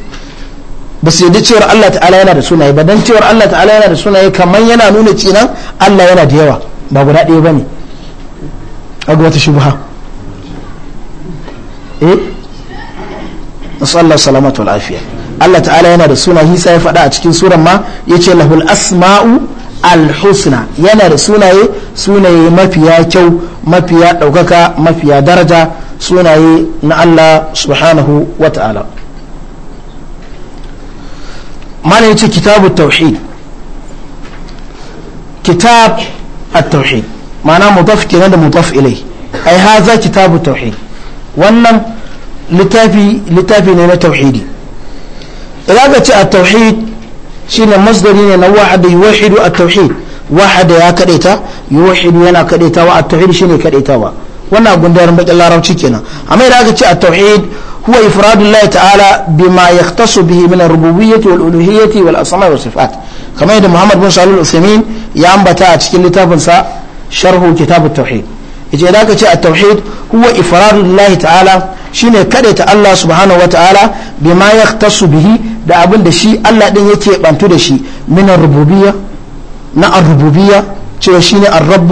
Speaker 1: ba su yadda cewar Allah ta'ala yana da sunaye ba dan cewar Allah ta'ala yana da sunaye kamar yana nuna cinan Allah yana da yawa ba guda ɗaya bane kaga wata shubha eh nasallahu salamatu wal afiya Allah ta'ala yana da suna hisa ya faɗa a cikin suran ma yace lahul asma'u alhusna yana da sunaye sunaye mafiya kyau mafiya ɗaukaka mafiya daraja sunaye na Allah subhanahu wa ta'ala mana yace kitabu tauhid kitab at-tauhid ma'ana mudaf kenan da mudaf ilai ai haza kitabu tauhid wannan littafi ne na tauhidi idan ka ce a tauhid shine masdari ne na wa'ada yuwahidu at-tauhid wahada ya kadaita yuwahidu yana kadaitawa at-tauhid shine kadaitawa wannan gundarin bakin larabci kenan amma idan aka ce at-tauhid huwa ifradu Allah ta'ala bima yahtasu bihi min ar-rububiyyati wal-uluhiyyati wal-asma' was-sifat kamar yadda Muhammad bin Salih al-Uthaymeen ya ambata a cikin littafinsa sharhu kitab at-tauhid yace da ka ce a tauhid huwa ifradullahi ta'ala shine ta Allah subhanahu wa ta'ala bima yahtassu bihi da abin da shi Allah din yake bantu da shi min ar-rububiyya na ar-rububiyya cewa shine ar-rabb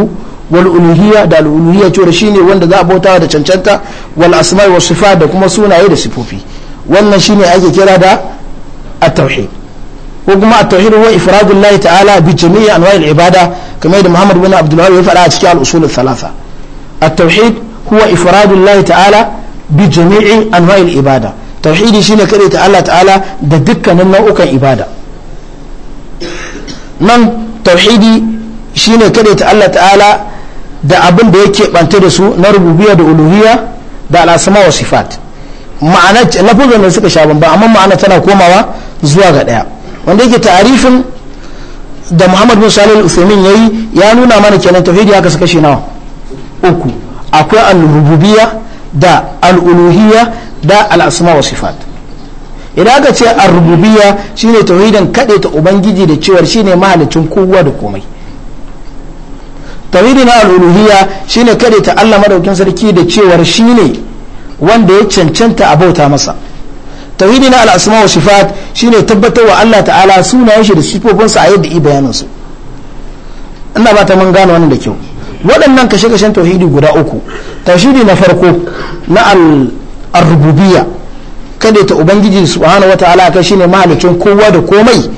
Speaker 1: wal uluhiyya da al-uluhiyya cewa shine wanda za a bauta da cancanta wal asma'i was sifat da kuma sunaye da sifofi wannan shine ake kira da at-tauhid ko kuma at-tauhid huwa ifradullahi ta'ala bi jami'i anwa'il ibada kamar da Muhammad bin Abdul ya faɗa a cikin al-usul al-thalatha التوحيد هو إفراد الله تعالى بجميع أنواع الإبادة توحيد شيء كريت الله تعالى ددك نوعك إبادة من توحيدي شيء كريت الله تعالى da abin da yake banta da su na rububiya da uluhiyya da al'asama wa sifat ma'ana lafazan da suka sha ba amma ma'ana tana komawa zuwa ga daya wanda yake ta'arifin da Muhammad bin Salih al-Uthaymeen yayi ya nuna mana kenan tauhidi haka suka shi nawa uku akwai al-rububiyya da al da al-asma wa sifat idan aka ce al-rububiyya shine tauhidin kade ta ubangiji da cewar shine mahalicin kowa da komai tauhidi na al-uluhiyya shine kade ta Allah madaukin sarki da cewar shine wanda ya cancanta a bauta masa tauhidi na al wa sifat shine tabbatar wa Allah ta'ala sunayen shi da sifofinsa a yadda i bayanansu ina ba ta mun gane wannan da kyau waɗannan kashe-kashen tauhidi guda uku tauhidi na farko na al-rububiyya kada ta ubangiji subhanahu wataala kai shine mahalicin kowa da komai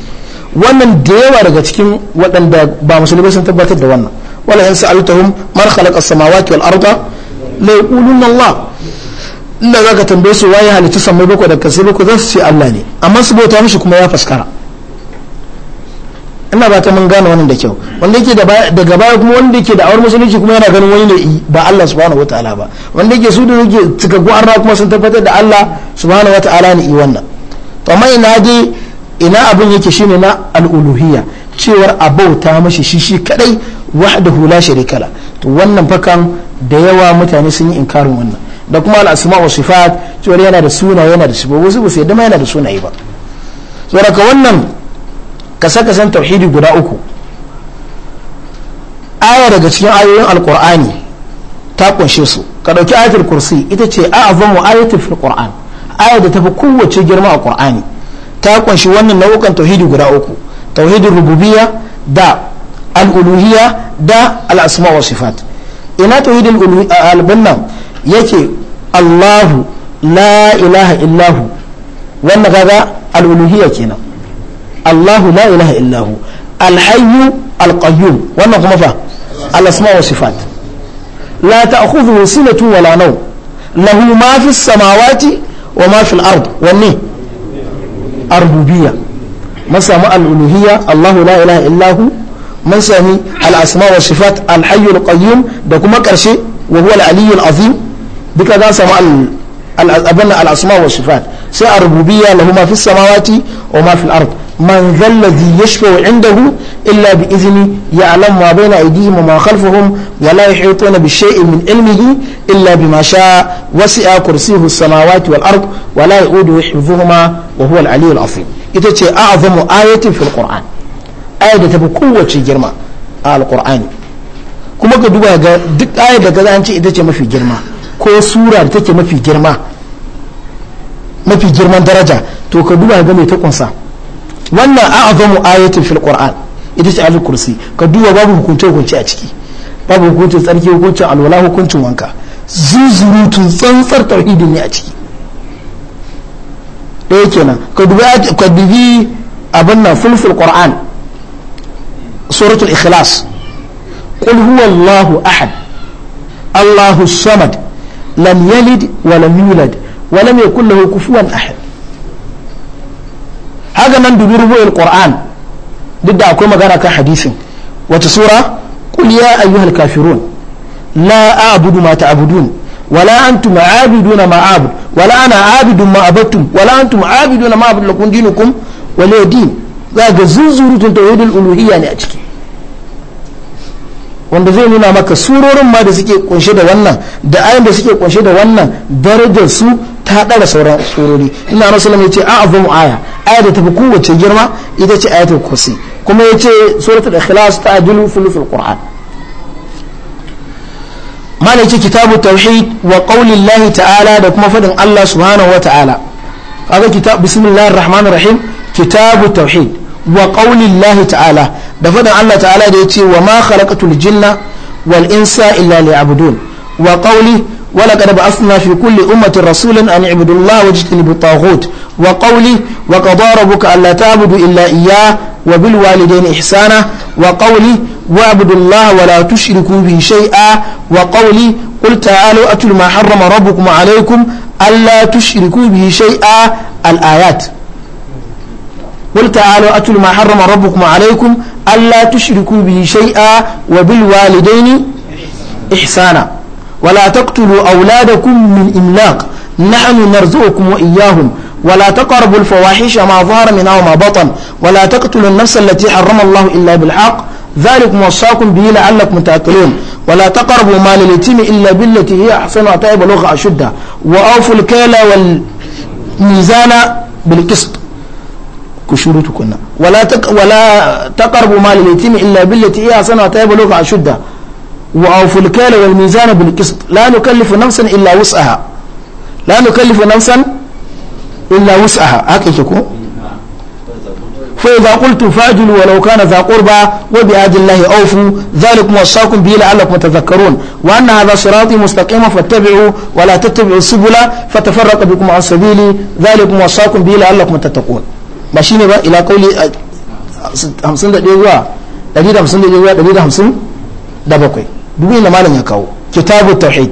Speaker 1: wannan da yawa daga cikin waɗanda ba musulmai sun tabbatar da wannan wala in sa'altahum man khalaqa as-samawati wal arda la yaquluna Allah inda zaka tambaye su waye halitta samai bakwai da kasai bakwai za ce Allah ne amma su bauta mishi kuma ya faskara ina ba ta mun gane wannan da kyau wanda yake daga baya kuma wanda yake da awar musulunci kuma yana ganin wani ne ba Allah subhanahu wataala ba wanda yake su da yake cika gwarra kuma sun tabbatar da Allah subhanahu wataala ne i wannan to mai ina dai ina abin yake shine na al'uluhiyya cewar a bauta mashi shi shi kadai wahdahu la sharika la to wannan fakan da yawa mutane sun yi inkarin wannan da kuma al'asma wa sifat cewar yana da sunaye yana da sifofi wasu ba su yadda ma yana da sunaye ba saboda wannan kasa san tauhidi guda uku aya daga cikin ayoyin alkur'ani ta kunshe su ka ɗauki ayatul kursi ita ce a azamu ayatul fil qur'an aya da tafi kowace girma a qur'ani ta kunshi wannan nau'ukan tauhidi guda uku tauhidin rububiyya da al'uluhiyya da al'asma wa sifat ina tauhidin albinnan yake allahu la ilaha illahu wannan kaga al’uluhiya kenan Allahu la ilaha illahu alhayyu alqayyum wannan kuma fa al-asma wa sifat la ta'khudhuhu sinatun wala nawm lahu fi samawati wa ma fi al-ard wanne arbubiyya mun Allahu la ilaha illahu mun sami wa sifat al al-qayyum da kuma karshe wa huwa al azim duka za wa sai arbubiyya lahu fi samawati wa ma man zallazi yashfa'u indahu illa bi izni ya'lamu ma baina aydihim wa ma khalfahum wa la bi shay'in samawati wal ard wa la ya'uduhu hifdhuhuma wa huwa ita ce a'zamu ayatin fil qur'an aya da tafi girma a kuma ka duba duk aya da ce ita ce mafi girma ko sura da take mafi girma girman daraja to ka duba mai ta wannan a'azamu ayatin fil qur'an ita ce ayatul kursi ka duba babu hukunce hukunce a ciki babu hukuncin tsarki hukuncin alwala hukuncin wanka zuzurutun tsantsar tauhidi ne a ciki ɗaya kenan ka dubi ka dubi abin nan fulful qur'an suratul ikhlas qul huwallahu ahad allahu samad lam yalid wa lam yulad wa lam yakul lahu kufuwan ahad haga nan dubi rubuwar ƙoran duk da akwai magana kan hadisin wata sura ƙuliya ayyuhal kafirun la a'budu ma za ga zunzurutun tawhidul uluhiyya ne a ciki wanda zai nuna maka surorin ma da suke kunshe da wannan da ayan da suke kunshe da wannan darajar su ta ɗara sauran surori ina rasulullah yace a azumu aya aya da tafi kowace girma ita ce ayatul kursi kuma yace da ikhlas ta adilu thuluthul qur'an mana yace kitabu tauhid wa qaulillahi ta'ala da kuma fadin Allah subhanahu wa ta'ala kaga kitab bismillahir rahmanir rahim kitabu tauhid wa qaulillahi ta'ala da faɗin Allah ta'ala da ya ce wa ma khalaqatul jinna wal insa illa liya'budun wa qauli wala laqad ba'athna fi kulli ummatin rasulan an i'budu Allah wa jtanibu taghut wa qauli wa qada rabbuka alla ta'budu illa iyyah wa bil walidayni ihsana wa qauli واعبدوا الله ولا تشركوا به شيئا وقولي قل تعالوا أتل ما حرم ربكم عليكم ألا تشركوا به شيئا الآيات قل تعالوا أتل ما حرم ربكم عليكم ألا تشركوا به شيئا وبالوالدين إحسانا ولا تقتلوا أولادكم من إملاق نحن نرزقكم وإياهم ولا تقربوا الفواحش ما ظهر منها وما بطن ولا تقتلوا النفس التي حرم الله إلا بالحق ذلكم وصاكم به لعلكم تعقلون ولا تقربوا مال اليتيم إلا بالتي هي أحسن وأطيب لغة أشدة وأوفوا الكيل والميزان بالقسط كشروط كنا ولا تق ولا تقربوا مال اليتيم إلا بالتي هي أحسن حتى يبلغ أشده وأوفوا الكيل والميزان بالقسط لا نكلف نفسا إلا وسعها لا نكلف نفسا إلا وسعها هكذا تكون فإذا قلت فاجلوا ولو كان ذا قربى وبعاد الله أوفوا ذلك وصاكم به لعلكم تذكرون وأن هذا صراطي مستقيما فاتبعوا ولا تتبعوا السبل فتفرق بكم عن سبيلي ذلك وصاكم به لعلكم تتقون ba shine ba ila kauli 51 zuwa 151 zuwa 157 duk inda malam ya kawo kitabu tauhid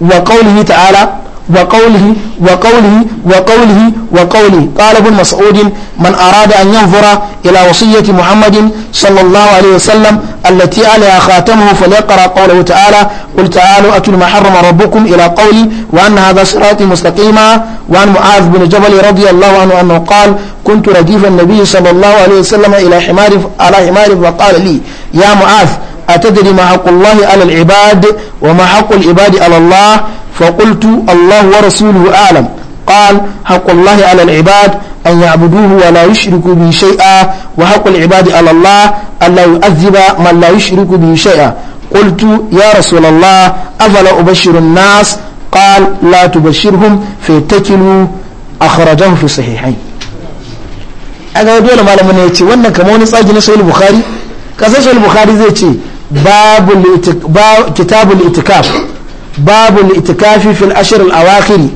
Speaker 1: wa qawlihi ta'ala وقوله وقوله وقوله وقوله قال ابن مسعود من أراد أن ينظر إلى وصية محمد صلى الله عليه وسلم التي عليها خاتمه فليقرأ قوله تعالى قل تعالوا أتوا ما حرم ربكم إلى قولي وأن هذا صراطي مستقيما وعن معاذ بن جبل رضي الله عنه أنه قال كنت رديف النبي صلى الله عليه وسلم إلى حمار على حمار وقال لي يا معاذ أتدري ما حق الله على العباد وما حق العباد على الله فقلت الله ورسوله أعلم قال حق الله على العباد أن يعبدوه ولا يشركوا به شيئا وحق العباد على الله أن لا يؤذب من لا يشرك به شيئا قلت يا رسول الله أفلا أبشر الناس قال لا تبشرهم فيتكلوا أخرجه في صحيحين aga dole malamin ya ce wannan kamar wani tsagi na sahih bukhari kasan sahih bukhari zai ce babul kitabul itikaf babu litikafi fil ashir al-awakhiri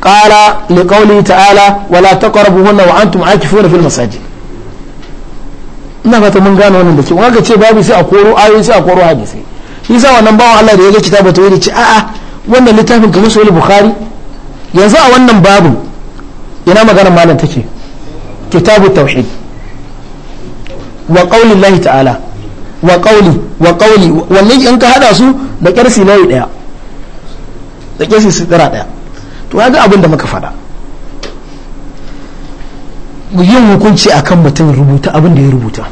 Speaker 1: qala liqawli ta'ala wala taqrabuhunna wa antum aakifuna fil masajid ina fata mun gane wannan da ke wanda ce babu sai a koro ayoyi sai a koro hadisi shi sa wannan bawan Allah da ya ga kitabu ta yi ce a'a wannan littafin kamar sahih bukhari yanzu a wannan babu ina magana malam take kitabu tauhid wa qawli ta'ala wa ƙauli wa ƙauli wannan in ka hada su da na yi ɗaya da su sitira ɗaya to ya ga abin da muka faɗa yin hukunci akan mutum rubuta abin da ya rubuta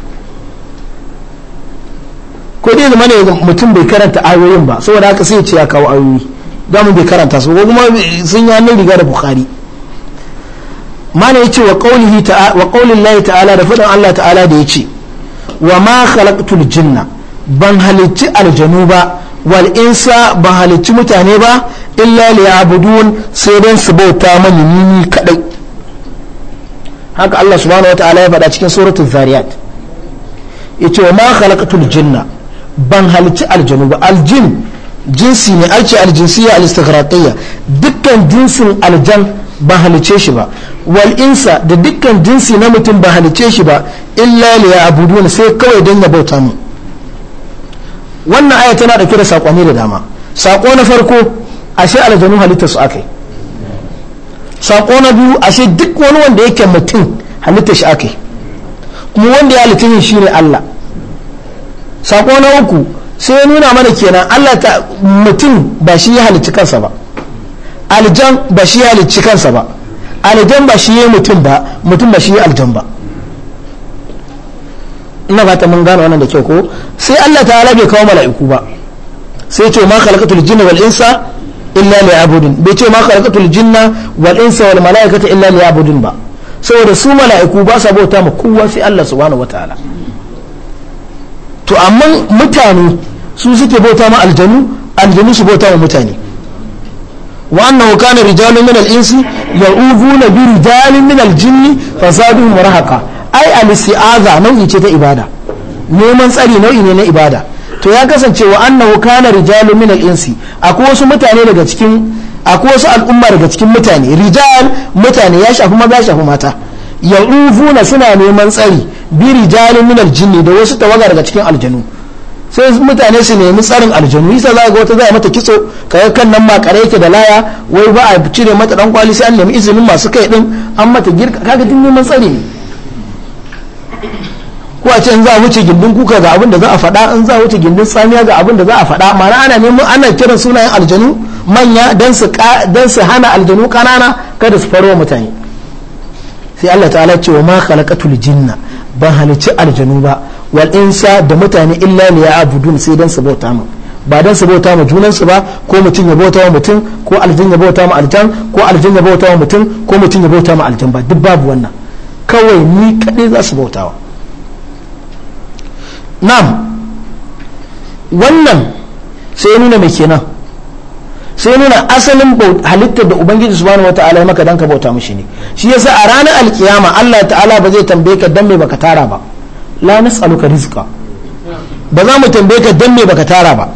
Speaker 1: ko dai zama ne mutum bai karanta ayoyin ba saboda haka sai ya ce ya kawo ayoyi damu bai karanta su ko kuma sun yi hannun riga da ma mana ya ce wa ƙaunin Allah ta'ala da faɗin Allah ta'ala da ya ce wa ma khalaqtul jinna ban halicci aljanu ba wal insa ban halicci mutane ba illa liya'budun sai don su bauta mani ni kadai haka Allah subhanahu wataala ya faɗa cikin suratul zariyat yace wa ma khalaqtul jinna ban halicci aljanu ba aljin jinsi ne ake aljinsiyya al dukkan jinsin aljan ban halice shi ba Wal'insa da dukkan jinsi na mutum ba halice shi ba illa li ya'budun sai kawai dan ya bauta mu wannan aya tana dauke da sakonni da dama sako na farko ashe aljanu halitta su akai sako na biyu ashe duk wani wanda yake mutum halitta shi akai kuma wanda ya halitta shi ne Allah sako na uku sai ya nuna mana kenan Allah ta mutum ba shi ya halicci kansa ba aljan ba shi ya halicci kansa ba aljan ba shi ya mutum ba mutum ba shi ya aljan ba ina ta mun gane wannan da kyau ko sai Allah ta'ala bai kawo mala'iku ba sai ce ma khalaqatul jinna wal insa illa liya'budun bai ce ma khalaqatul jinna wal insa wal mala'ikata illa liya'budun ba saboda su mala'iku ba sa bauta ma kowa sai Allah subhanahu wataala to amma mutane su suke bauta ma aljanu aljanu su bauta ma mutane wa annahu kana insi ya'uduna bi rijalin min al-jinni fasadu murhaqa ai al-isti'aza nau'i ce ta ibada neman tsari nau'i ne na ibada to ya kasance wa annahu kana rijalun min al-insi akwai wasu mutane daga cikin akwai wasu al'umma daga cikin mutane rijal mutane ya shafi maza ya shafi mata ya'uduna suna neman tsari bi rijalin min al-jinni da wasu tawaga daga cikin aljanu sai mutane su nemi tsarin aljanu yasa za ga wata za mata kitso kaga kan nan ma kare yake da laya wai ba a cire mata dan kwali sai an nemi izinin masu kai din an mata girka kaga din neman tsari ne ko a ce in za a wuce gindin kuka ga abin da za a faɗa in za a wuce gindin tsamiya ga abin da za a faɗa ma'ana ana neman ana kiran sunayen aljanu manya dan su dan su hana aljanu kanana kada su faro mutane sai Allah ta'ala ce wa ma khalaqatul jinna ban halicci aljanu ba wal insa da mutane illa li ya'budun sai dan su bauta mu ba dan su bauta mu junan su ba ko mutum ya bauta wa mutum ko aljin ya bauta mu aljan ko aljin ya bauta wa mutum ko mutum ya bauta mu aljan ba duk babu wannan kawai ni kadai za su bautawa na'am wannan sai nuna mai kenan sai nuna asalin halittar da ubangiji subhanahu wata'ala ya maka dan ka bauta mishi ne shi yasa a ranar alkiyama Allah ta'ala ba zai tambaye ka dan me baka tara ba la nas'aluka rizqa ba za mu tambaye ka dan me baka tara ba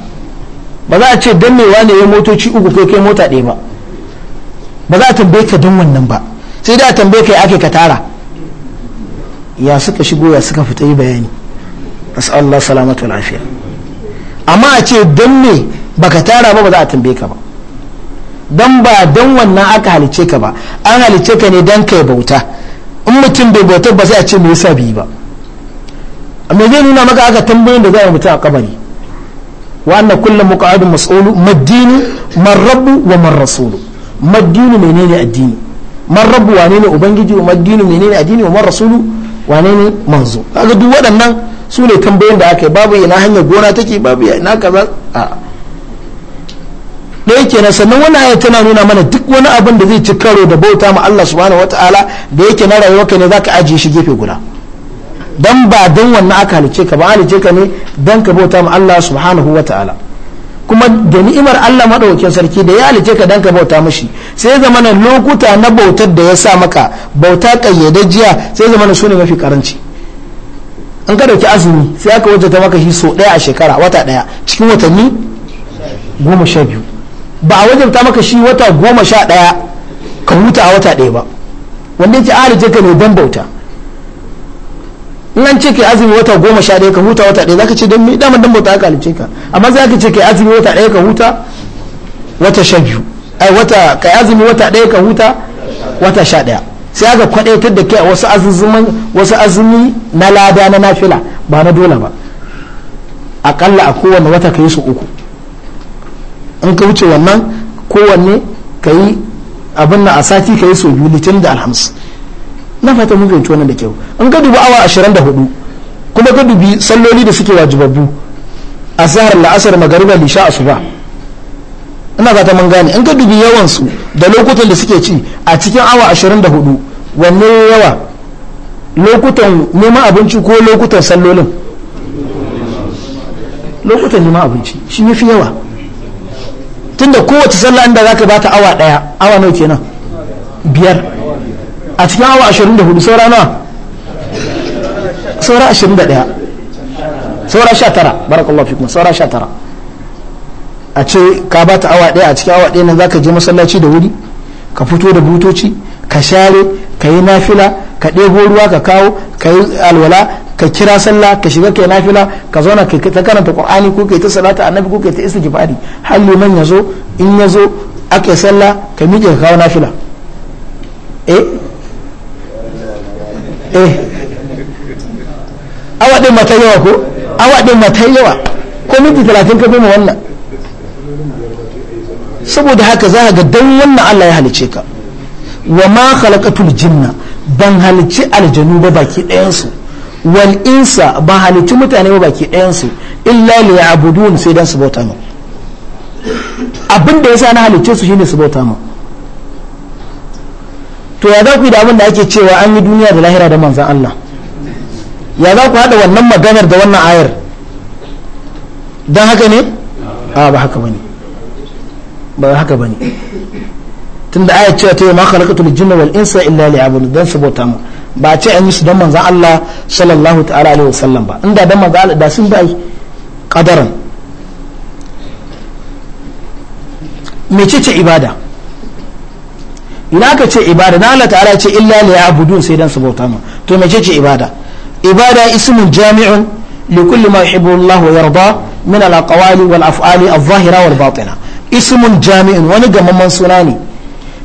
Speaker 1: ba za a ce dan me wane ya motoci uku kai kai mota ɗaya ba ba za a tambaye ka dan wannan ba sai da a tambaye ka ya ake ka tara ya suka shigo ya suka fita yi bayani Allah salamatu wa lafiya amma a ce dan me baka tara ba ba za a tambaye ka ba dan ba dan wannan aka halice ka ba an halice ka ne dan kai bauta in mutum bai bautar ba sai a ce me yasa bi ba amma zai nuna maka aka tambayin da za a mutu a kabari wa anna kullu muqa'adun mas'ulu madini man rabu wa man rasulu madini menene addini man wa wane ne ubangiji wa madini menene addini wa man rasulu wane ne manzo kaga duk waɗannan su ne tambayin da aka yi babu ina hanyar gona take babu ina kaza a ɗaya na sannan wani aya tana nuna mana duk wani abin da zai ci karo da bauta ma Allah subhanahu wataala da yake na rayuwarka ne zaka ajiye shi gefe guda dan ba dan wannan aka halice ka ba halice ka ne dan ka bauta ma Allah subhanahu wa ta'ala kuma da ni'imar Allah madaukakin sarki da ya halice ka dan ka bauta mishi sai zama na lokuta na bautar da ya sa maka bauta kayyadajjiya sai zama su ne mafi karanci an ka dauki azumi sai aka ta maka shi so daya a shekara wata daya cikin watanni goma sha biyu ba a wajabta maka shi wata goma sha daya ka huta a wata ɗaya ba wanda yake halice ka ne dan bauta nan ce ke azumi wata goma sha ɗaya ka huta wata ɗaya zaka ce don dama dan bauta aka halice ka amma za ka ce ke azumi wata ɗaya ka huta wata sha biyu ai wata kai azumi wata ɗaya ka huta wata sha ɗaya sai aka kwadaitar da kai wasu azumi wasu azumi na lada na nafila ba na dole ba akalla a kowane wata ka yi su uku in ka wuce wannan kowanne ka yi abin na a sati ka yi su biyu litin da alhamsu na fata mun fahimci wannan da kyau in ka dubi awa 24 kuma ka dubi salloli da suke wajibabbu zahar la'asar magariba lisha asuba ina fata mun gane in ka dubi yawan su da lokutan da suke ci a cikin awa 24 wanne yawa lokutan neman abinci ko lokutan sallolin lokutan neman abinci shi ne fi yawa tunda kowace sallah inda ka bata awa daya awa nawa kenan biyar a cikin awa 24 saura na saura 21 saura 19 barakallahu fikum saura 19 a ce ka ba ta awa ɗaya a cikin awa ɗaya nan zaka je masallaci da wuri ka fito da butoci ka share ka yi nafila ka ɗebo ruwa ka kawo ka yi alwala ka kira sallah ka shiga kai nafila ka zauna ka ta karanta qur'ani ko kai ta salata annabi ko kai ta istighfari har liman ya zo in ya zo ake sallah ka miƙe ka kawo nafila eh eh awa din mata yawa ko awa din mata yawa ko minti talatin ka goma wannan saboda haka za ga dan wannan Allah ya halice ka wa ma khalaqatul jinna ban halici aljanu ba baki ɗayan su wal insa ba halici mutane ba baki ɗayan su illa ya'budun sai dan su bauta mu abin da yasa na halice su shine su bauta mu to ya za ku yi da abin da ake cewa an yi duniya da lahira da manzan Allah ya za ku haɗa wannan maganar da wannan ayar don haka ne a ba haka bane ba haka bane tunda ayar cewa ta yi ma khalaqatul jinna wal insa illa liya'budun don su bauta mu ba ce an yi su don manzan Allah sallallahu ta'ala alaihi wasallam ba inda don manzan Allah da sun bai kadaran mecece ibada ina ka ce ibada na Allah ta'ala ce illa li ya'budun sai dan su bauta ma to me ce ce ibada ibada ismun jami'un li kulli ma yuhibbu Allah wa yarda min al aqwali wal af'ali al zahira wal batina ismun jami'un wani gamamman suna ne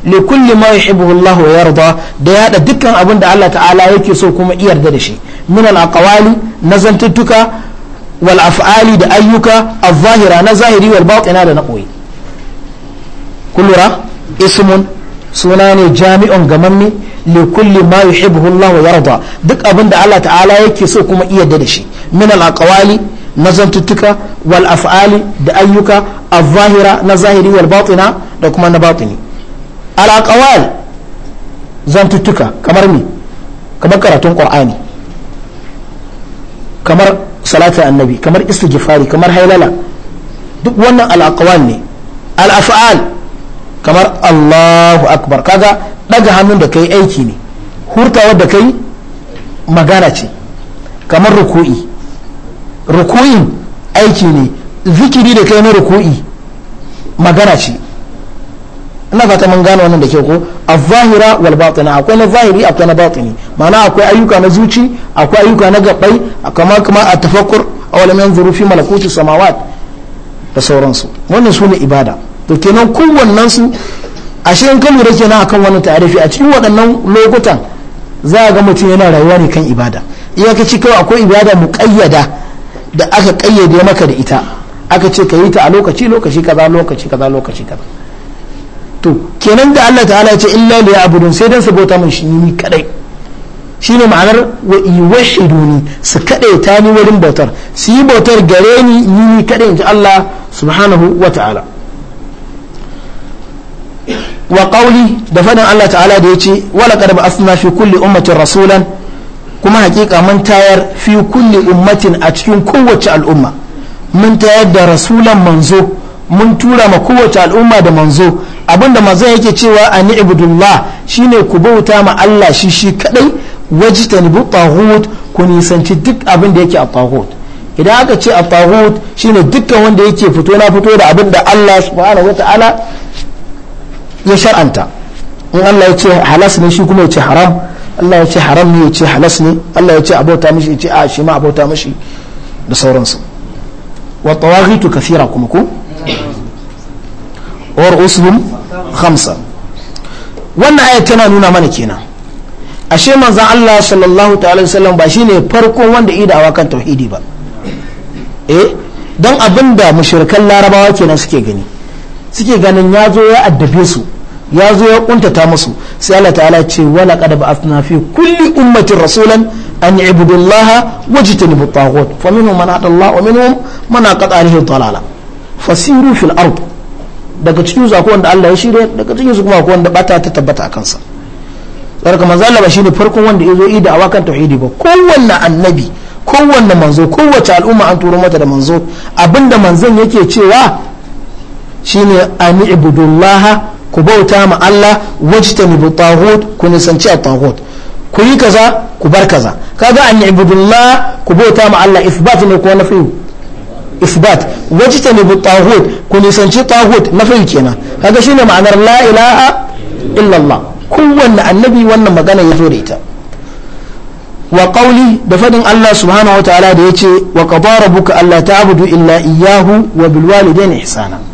Speaker 1: li kulli ma yuhibbu Allah wa yarda da ya dukkan abin da Allah ta'ala yake so kuma iyarda da shi min al aqwali nazantuttuka wal af'ali da ayyuka al zahira na zahiri wal batina da na koyi kullura ismun suna ne jami'un gamamme li kulli ma yuhibbu Allah wa yarda duk abin da Allah ta'ala yake so kuma iya da shi min al aqwali na zantuttuka wal af'ali da ayyuka al-zahira na zahiri wal batina da kuma na batini al aqwal zantuttuka kamar me kamar karatun qur'ani kamar salatu annabi kamar istighfari kamar hailala duk wannan al aqwal ne al af'al kamar Allahu akbar kaga daga hannun da kai aiki ne hurtawar da kai magana ce kamar ruku'i ruku'in aiki ne zikiri da kai na ruku'i magana ce ina fata mun gano wannan da ke ko a zahira wal batina akwai na zahiri akwai na batini ma'ana akwai ayyuka na zuci akwai ayyuka na gabbai kamar kuma a tafakkur awalam yanzuru fi malakuti samawat da sauransu wannan sune ibada to kenan kowannen su a in ka lura kenan akan wannan ta'arifi a cikin waɗannan lokutan za a ga mutum yana rayuwa ne kan ibada iyakaci kawai akwai ibada mu ƙayyada da aka ƙayyade maka da ita aka ce ka yi ta a lokaci lokaci kaza lokaci kaza lokaci kaza to kenan da Allah ta'ala ya ce illa li ya'budun sai dan su bauta min shi ni kadai shine ma'anar wa duni su kadai ta ni wurin bautar su yi bautar gare ni ni kadai inji Allah subhanahu wa ta'ala wa ƙauli da faɗin Allah ta'ala da ya wala qad ba'athna fi kulli ummatin rasulan kuma hakika mun tayar fi kulli ummatin a cikin kowace al'umma mun tayar da rasulan manzo mun tura ma kowace al'umma da manzo abinda manzo yake cewa ani ibudullah shine ku bauta ma Allah shi shi kadai wajtanibu taghut ku nisanci duk abin da yake a tahut idan aka ce a taghut shine dukkan wanda yake fito na fito da abin da Allah subhanahu wataala ya shar'anta in Allah ya ce halas ne shi kuma ya ce haram Allah ya ce haram ne ya ce halas ne Allah ya ce abota mishi ya ce a shi ma abota mishi da sauransu wa tawaghitu kathira kuma ku wa uslum khamsa wannan ayat tana nuna mana kenan ashe manzon Allah sallallahu ta'ala wasallam ba shine farkon wanda idawa kan tauhidi ba eh don abinda mushrikan larabawa kenan suke gani suke ganin ya zo ya addabe su ya zo ya kuntata musu sai Allah ta'ala ce wala qad ba'athna fi kulli ummatin rasulan an ibudu Allah wajtanibu at-taghut fa minhum man hada Allah wa minhum man qad alihi dalala fasiru fil ard daga cikin su akwai wanda Allah ya shirya daga cikin su kuma wanda bata ta tabbata akan sa sarka manzo Allah ba shine farkon wanda ya zo yi da'awa kan tauhidi ba kowanne annabi kowanne manzo kowace al'umma an turo mata da manzo abinda manzon yake cewa shine an ibudu Allah ku bauta ma Allah wajtanibu taghut ku nisanci a taghut ku yi kaza ku bar kaza kaga an ibudullah ku bauta ma Allah isbat ne ko nafi isbat wajtanibu taghut ku nisanci na nafi kenan kaga shine ma'anar la ilaha illa Allah kowanne annabi wannan magana ya zo da ita wa qawli da fadin Allah subhanahu wa ta'ala da yace wa qadara buka ta ta'budu illa iyyahu wa bil walidayni ihsana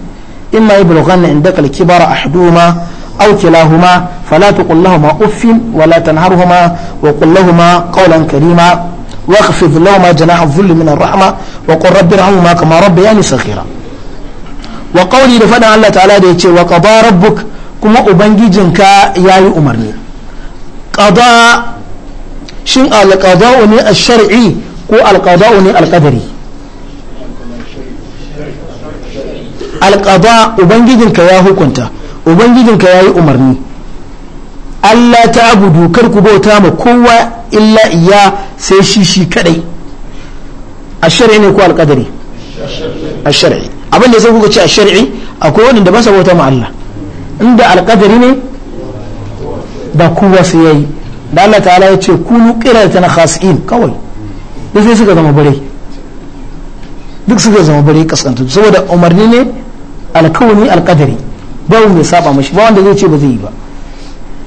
Speaker 1: إما يبلغن عندك الكبر أحدهما أو كلاهما فلا تقل لهما أف ولا تنهرهما وقل لهما قولا كريما واخفض لهما جناح الذل من الرحمة وقل رب ارحمهما كما ربياني صغيرا وقولي لفنا الله تعالى ديتي وقضى ربك كما أبنجيجنك ياي أمرني قضاء شن القضاء الشرعي كو القضاء القدري alqada ubangijinka ya hukunta ubangijinka yi umarni Allah ta abudu kar ku bauta ma kowa illa iya sai shi shi kadai a shari'i ne ko alƙadari a shari'i abin da sai kuka ce a shari'i akwai wanda ba sa bauta ma Allah inda alƙadari ne ba kowa sai yi da Allah ta ta'ala ya ce kunu na khas'in kawai duk sai suka zama bare duk suka zama bare kaskanta saboda umarni ne alkauni alkadari babu mai saba mashi ba wanda zai ce ba zai yi ba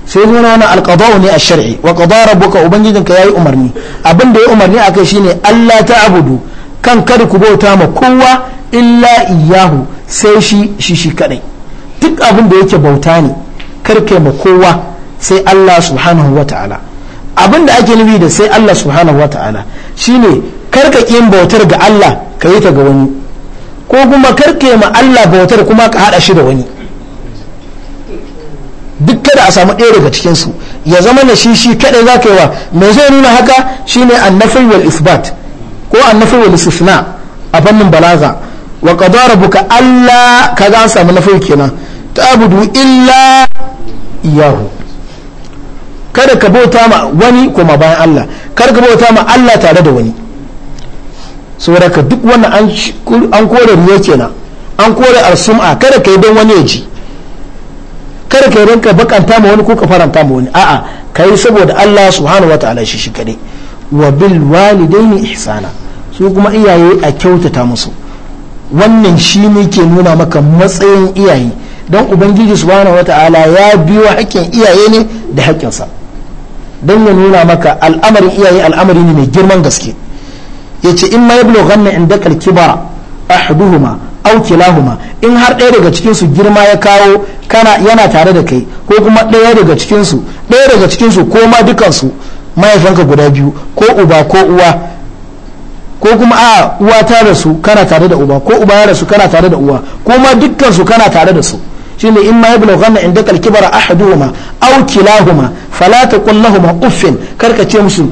Speaker 1: sai zo na alqada'u ne a shari wa qada rabbuka ubangijinka yi umarni abin da ya umarni akai shine Allah ta abudu kan kada ku bauta ma kowa illa iyyahu sai shi shi shi kadai duk abin da yake bauta ne karke ma kowa sai Allah subhanahu wata'ala abin da ake nufi da sai Allah subhanahu wata'ala shine karka yin bautar ga Allah ka yi ta ga wani ko kuma karke ma Allah bautar kuma ka hada shi da wani duk kada a samu ɗaya daga cikin su ya zama na shi shi kadai za ka yi wa me zai nuna haka shine annafi wal isbat ko annafi wal sufna a fannin balaza wa qadara rabbuka Allah ka an samu nafi kenan ta'budu illa iyahu kada ka bauta ma wani kuma bayan Allah kada ka bauta ma Allah tare da wani sauraka duk wani an kore ke kenan an kore al-sum'a kada ka yi don wani ya ji kada ka yi don ka bakanta ma wani ko ka faranta ma wani a'a ka yi saboda Allah subhanahu wataala shi shi kade wa bil walidaini ihsana su kuma iyaye a kyautata musu wannan shi ne ke nuna maka matsayin iyaye don ubangiji subhanahu wataala ya biyo hakkin iyaye ne da haƙƙinsa don ya nuna maka al'amarin iyaye al'amari ne mai girman gaske yace in ma yablughanna indaka al-kibara ahaduhuma aw kilahuma in har ɗaya daga cikinsu girma ya kawo kana yana tare da kai ko kuma ɗaya daga cikinsu su ɗaya daga cikinsu ko ma dukan su mahaifanka guda biyu ko uba ko uwa ko kuma a uwa ta rasu kana tare da uba ko uba ya rasu kana tare da uwa ko ma dukkansu kana tare da su shine in ma yablughanna indaka al-kibara ahaduhuma aw kilahuma fala taqul lahumu uffin karka ce musu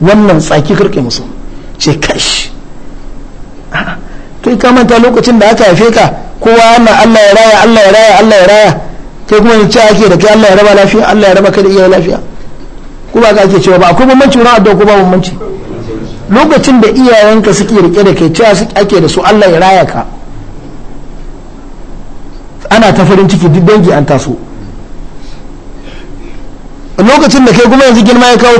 Speaker 1: wannan tsaki karke musu ce kash kai ka manta lokacin da aka haife ka kowa yana Allah ya raya Allah ya raya Allah ya raya kai kuma ce ake da kai Allah ya raba lafiya Allah ya raba kai da iyaye lafiya ko ba ka ake cewa ba akwai bambanci wurin addu'a ko ba bambanci lokacin da iyayenka suke rike da kai cewa ake da su Allah ya raya ka ana ta farin ciki duk dangi an taso lokacin da kai kuma yanzu girma ya kawo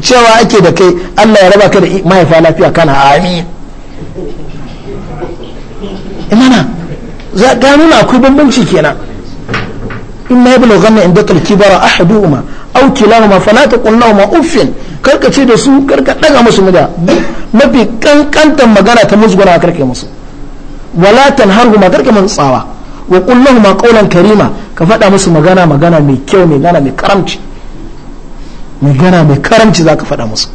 Speaker 1: cewa ake da kai Allah ya raba ka da mahaifa lafiya kana amin imana za ga nuna akwai bambanci kenan in ma yablo ganna inda kalki bara ahaduhuma aw kilahuma fala taqul lahuma uffin karka ce da su karka daga musu mida mafi kankantan magana ta musguna karka musu wala tanharhuma karka mun tsawa wa qul lahum qawlan karima ka faɗa musu magana magana mai kyau mai gana mai karamci magana mai karanci za ka faɗa musu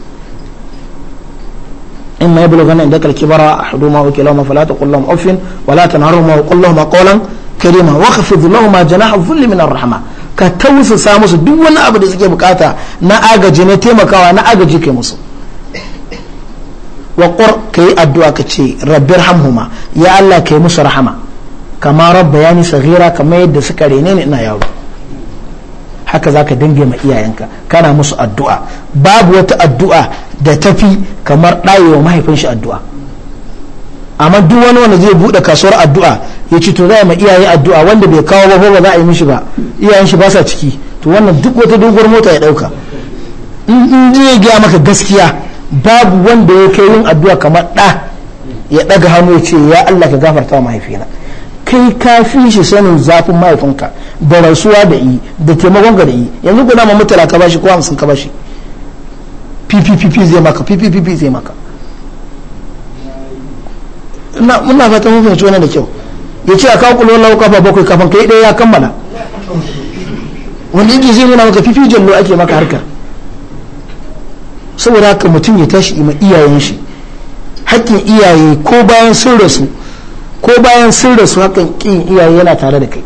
Speaker 1: إما يبلغن عندك الكبر أحدهما وكلاهما فلا تقل لهم أف ولا تنهرهما وقل لهما قولا كريما واخفض لهما جناح الذل من rahama ka tausasa musu duk wani abu da suke bukata na agaji na taimakawa na agaji kai musu wa qur yi addu'a ka ce rabbi hamhuma ya Allah kai musu rahama kama rabbayani saghira kamar yadda suka rene ni ina yaro haka za ka dinga ma iyayenka kana musu addu'a babu wata addu'a da tafi kamar ɗayewa mahaifin shi addu'a amma duk wani wanda zai buɗe kasuwar addu'a ya ci to za ma iyaye addu'a wanda bai kawo ba ba za a yi mishi ba iyayen shi ba sa ciki to wannan duk wata doguwar mota ya ɗauka in ya gaya maka gaskiya babu wanda ya kai yin addu'a kamar ɗa ya ɗaga hannu ya ce ya Allah ka gafarta wa mahaifina kai ka fi shi sanin zafin mahaifinka da rasuwa da yi da taimakon ga da yi yanzu guda ma mutala ka bashi ko hamsin ka bashi pppp zai maka PPPP zai maka muna fata mun fahimci wannan da kyau ya ce a kawo kulon lau kafa bakwai kafan kai ɗaya ya kammala wani inji zai nuna maka fifi jallo ake maka harkar saboda haka mutum ya tashi ima iyayen shi hakkin iyaye ko bayan sun rasu ko bayan sun rasu hakan kin iyaye yana tare da kai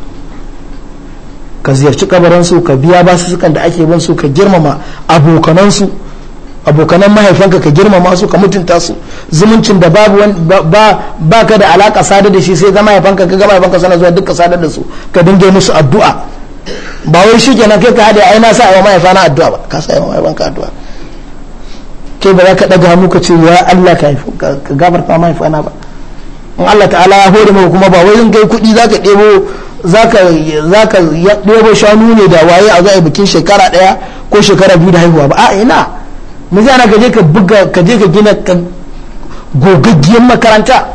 Speaker 1: ka ziyarci kabaransu ka biya basu sukan da ake bin su ka girmama abokanansu abokanan mahaifanka ka girmama su ka mutunta su zumuncin da babu ba ka da alaka sadar da shi sai zama mahaifanka ka gama mahaifanka sana zuwa duka sadar da su ka dinga musu addu'a ba wai shi kenan kai ka hada ai na sa wa mahaifana addu'a ba ka sa wa mahaifanka addu'a kai ba za ka daga hannu ka ce ya Allah ka gafarta mahaifana ba
Speaker 2: in Allah ta'ala ya hore maka
Speaker 1: kuma ba wai in kai kuɗi zaka ɗebo ɗebo shanu ne da waye a zai bikin shekara ɗaya ko shekara biyu da haihuwa ba a ina maza ana ka je ka buga ka je ka gina gogaggiyar makaranta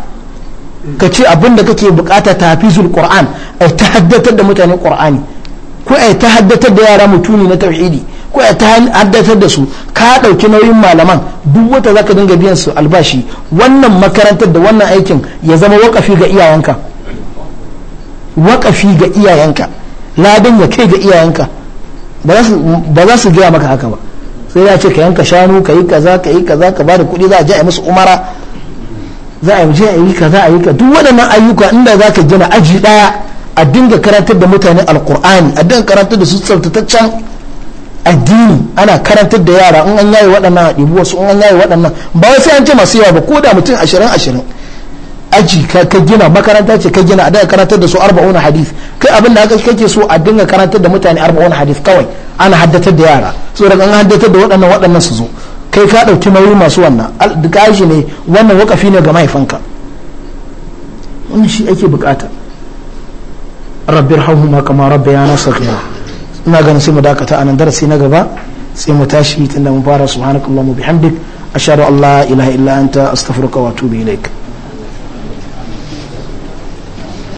Speaker 1: ka ce abin da kake bukata ta hafizul qur'an ai ta haddatar da mutane qur'ani ko ai ta haddatar da yara mutuni na tauhidi ko ya ta haddatar da su ka ɗauki nauyin malaman duk wata za ka dinga biyan su albashi wannan makarantar da wannan aikin ya zama wakafi ga iyayenka wakafi ga iyayenka ladan ya kai ga iyayenka ba za su gaya maka haka ba sai ya ce ka yanka shanu ka yi kaza ka yi kaza ka ba da kuɗi za a je a musu umara za a je a yi kaza a yi ka duk waɗannan ayyuka inda za ka gina aji ɗaya a dinga karantar da mutane alkur'ani a dinga karantar da su tsaftataccen addini ana karantar da yara in an yaye waɗannan haɗibu wasu in an yaye waɗannan ba wasu an ce masu yawa ba ko da mutum ashirin ashirin aji ka gina makaranta ce ka gina a daga karantar da su arba'una hadith kai abin da aka kake so a dinga karantar da mutane arba'una hadith kawai ana haddatar da yara so daga an haddatar da waɗannan waɗannan su zo kai ka ɗauki nauyi masu wannan gaji ne wannan wakafi ne ga mahaifanka wani shi ake bukata rabbir ma kama yana sakira ina ganin sai mu dakata a nan darasi na gaba sai mu tashi tunda mu fara subhanakallahumma bihamdik ashhadu an la ilaha illa anta astaghfiruka wa atubu ilaik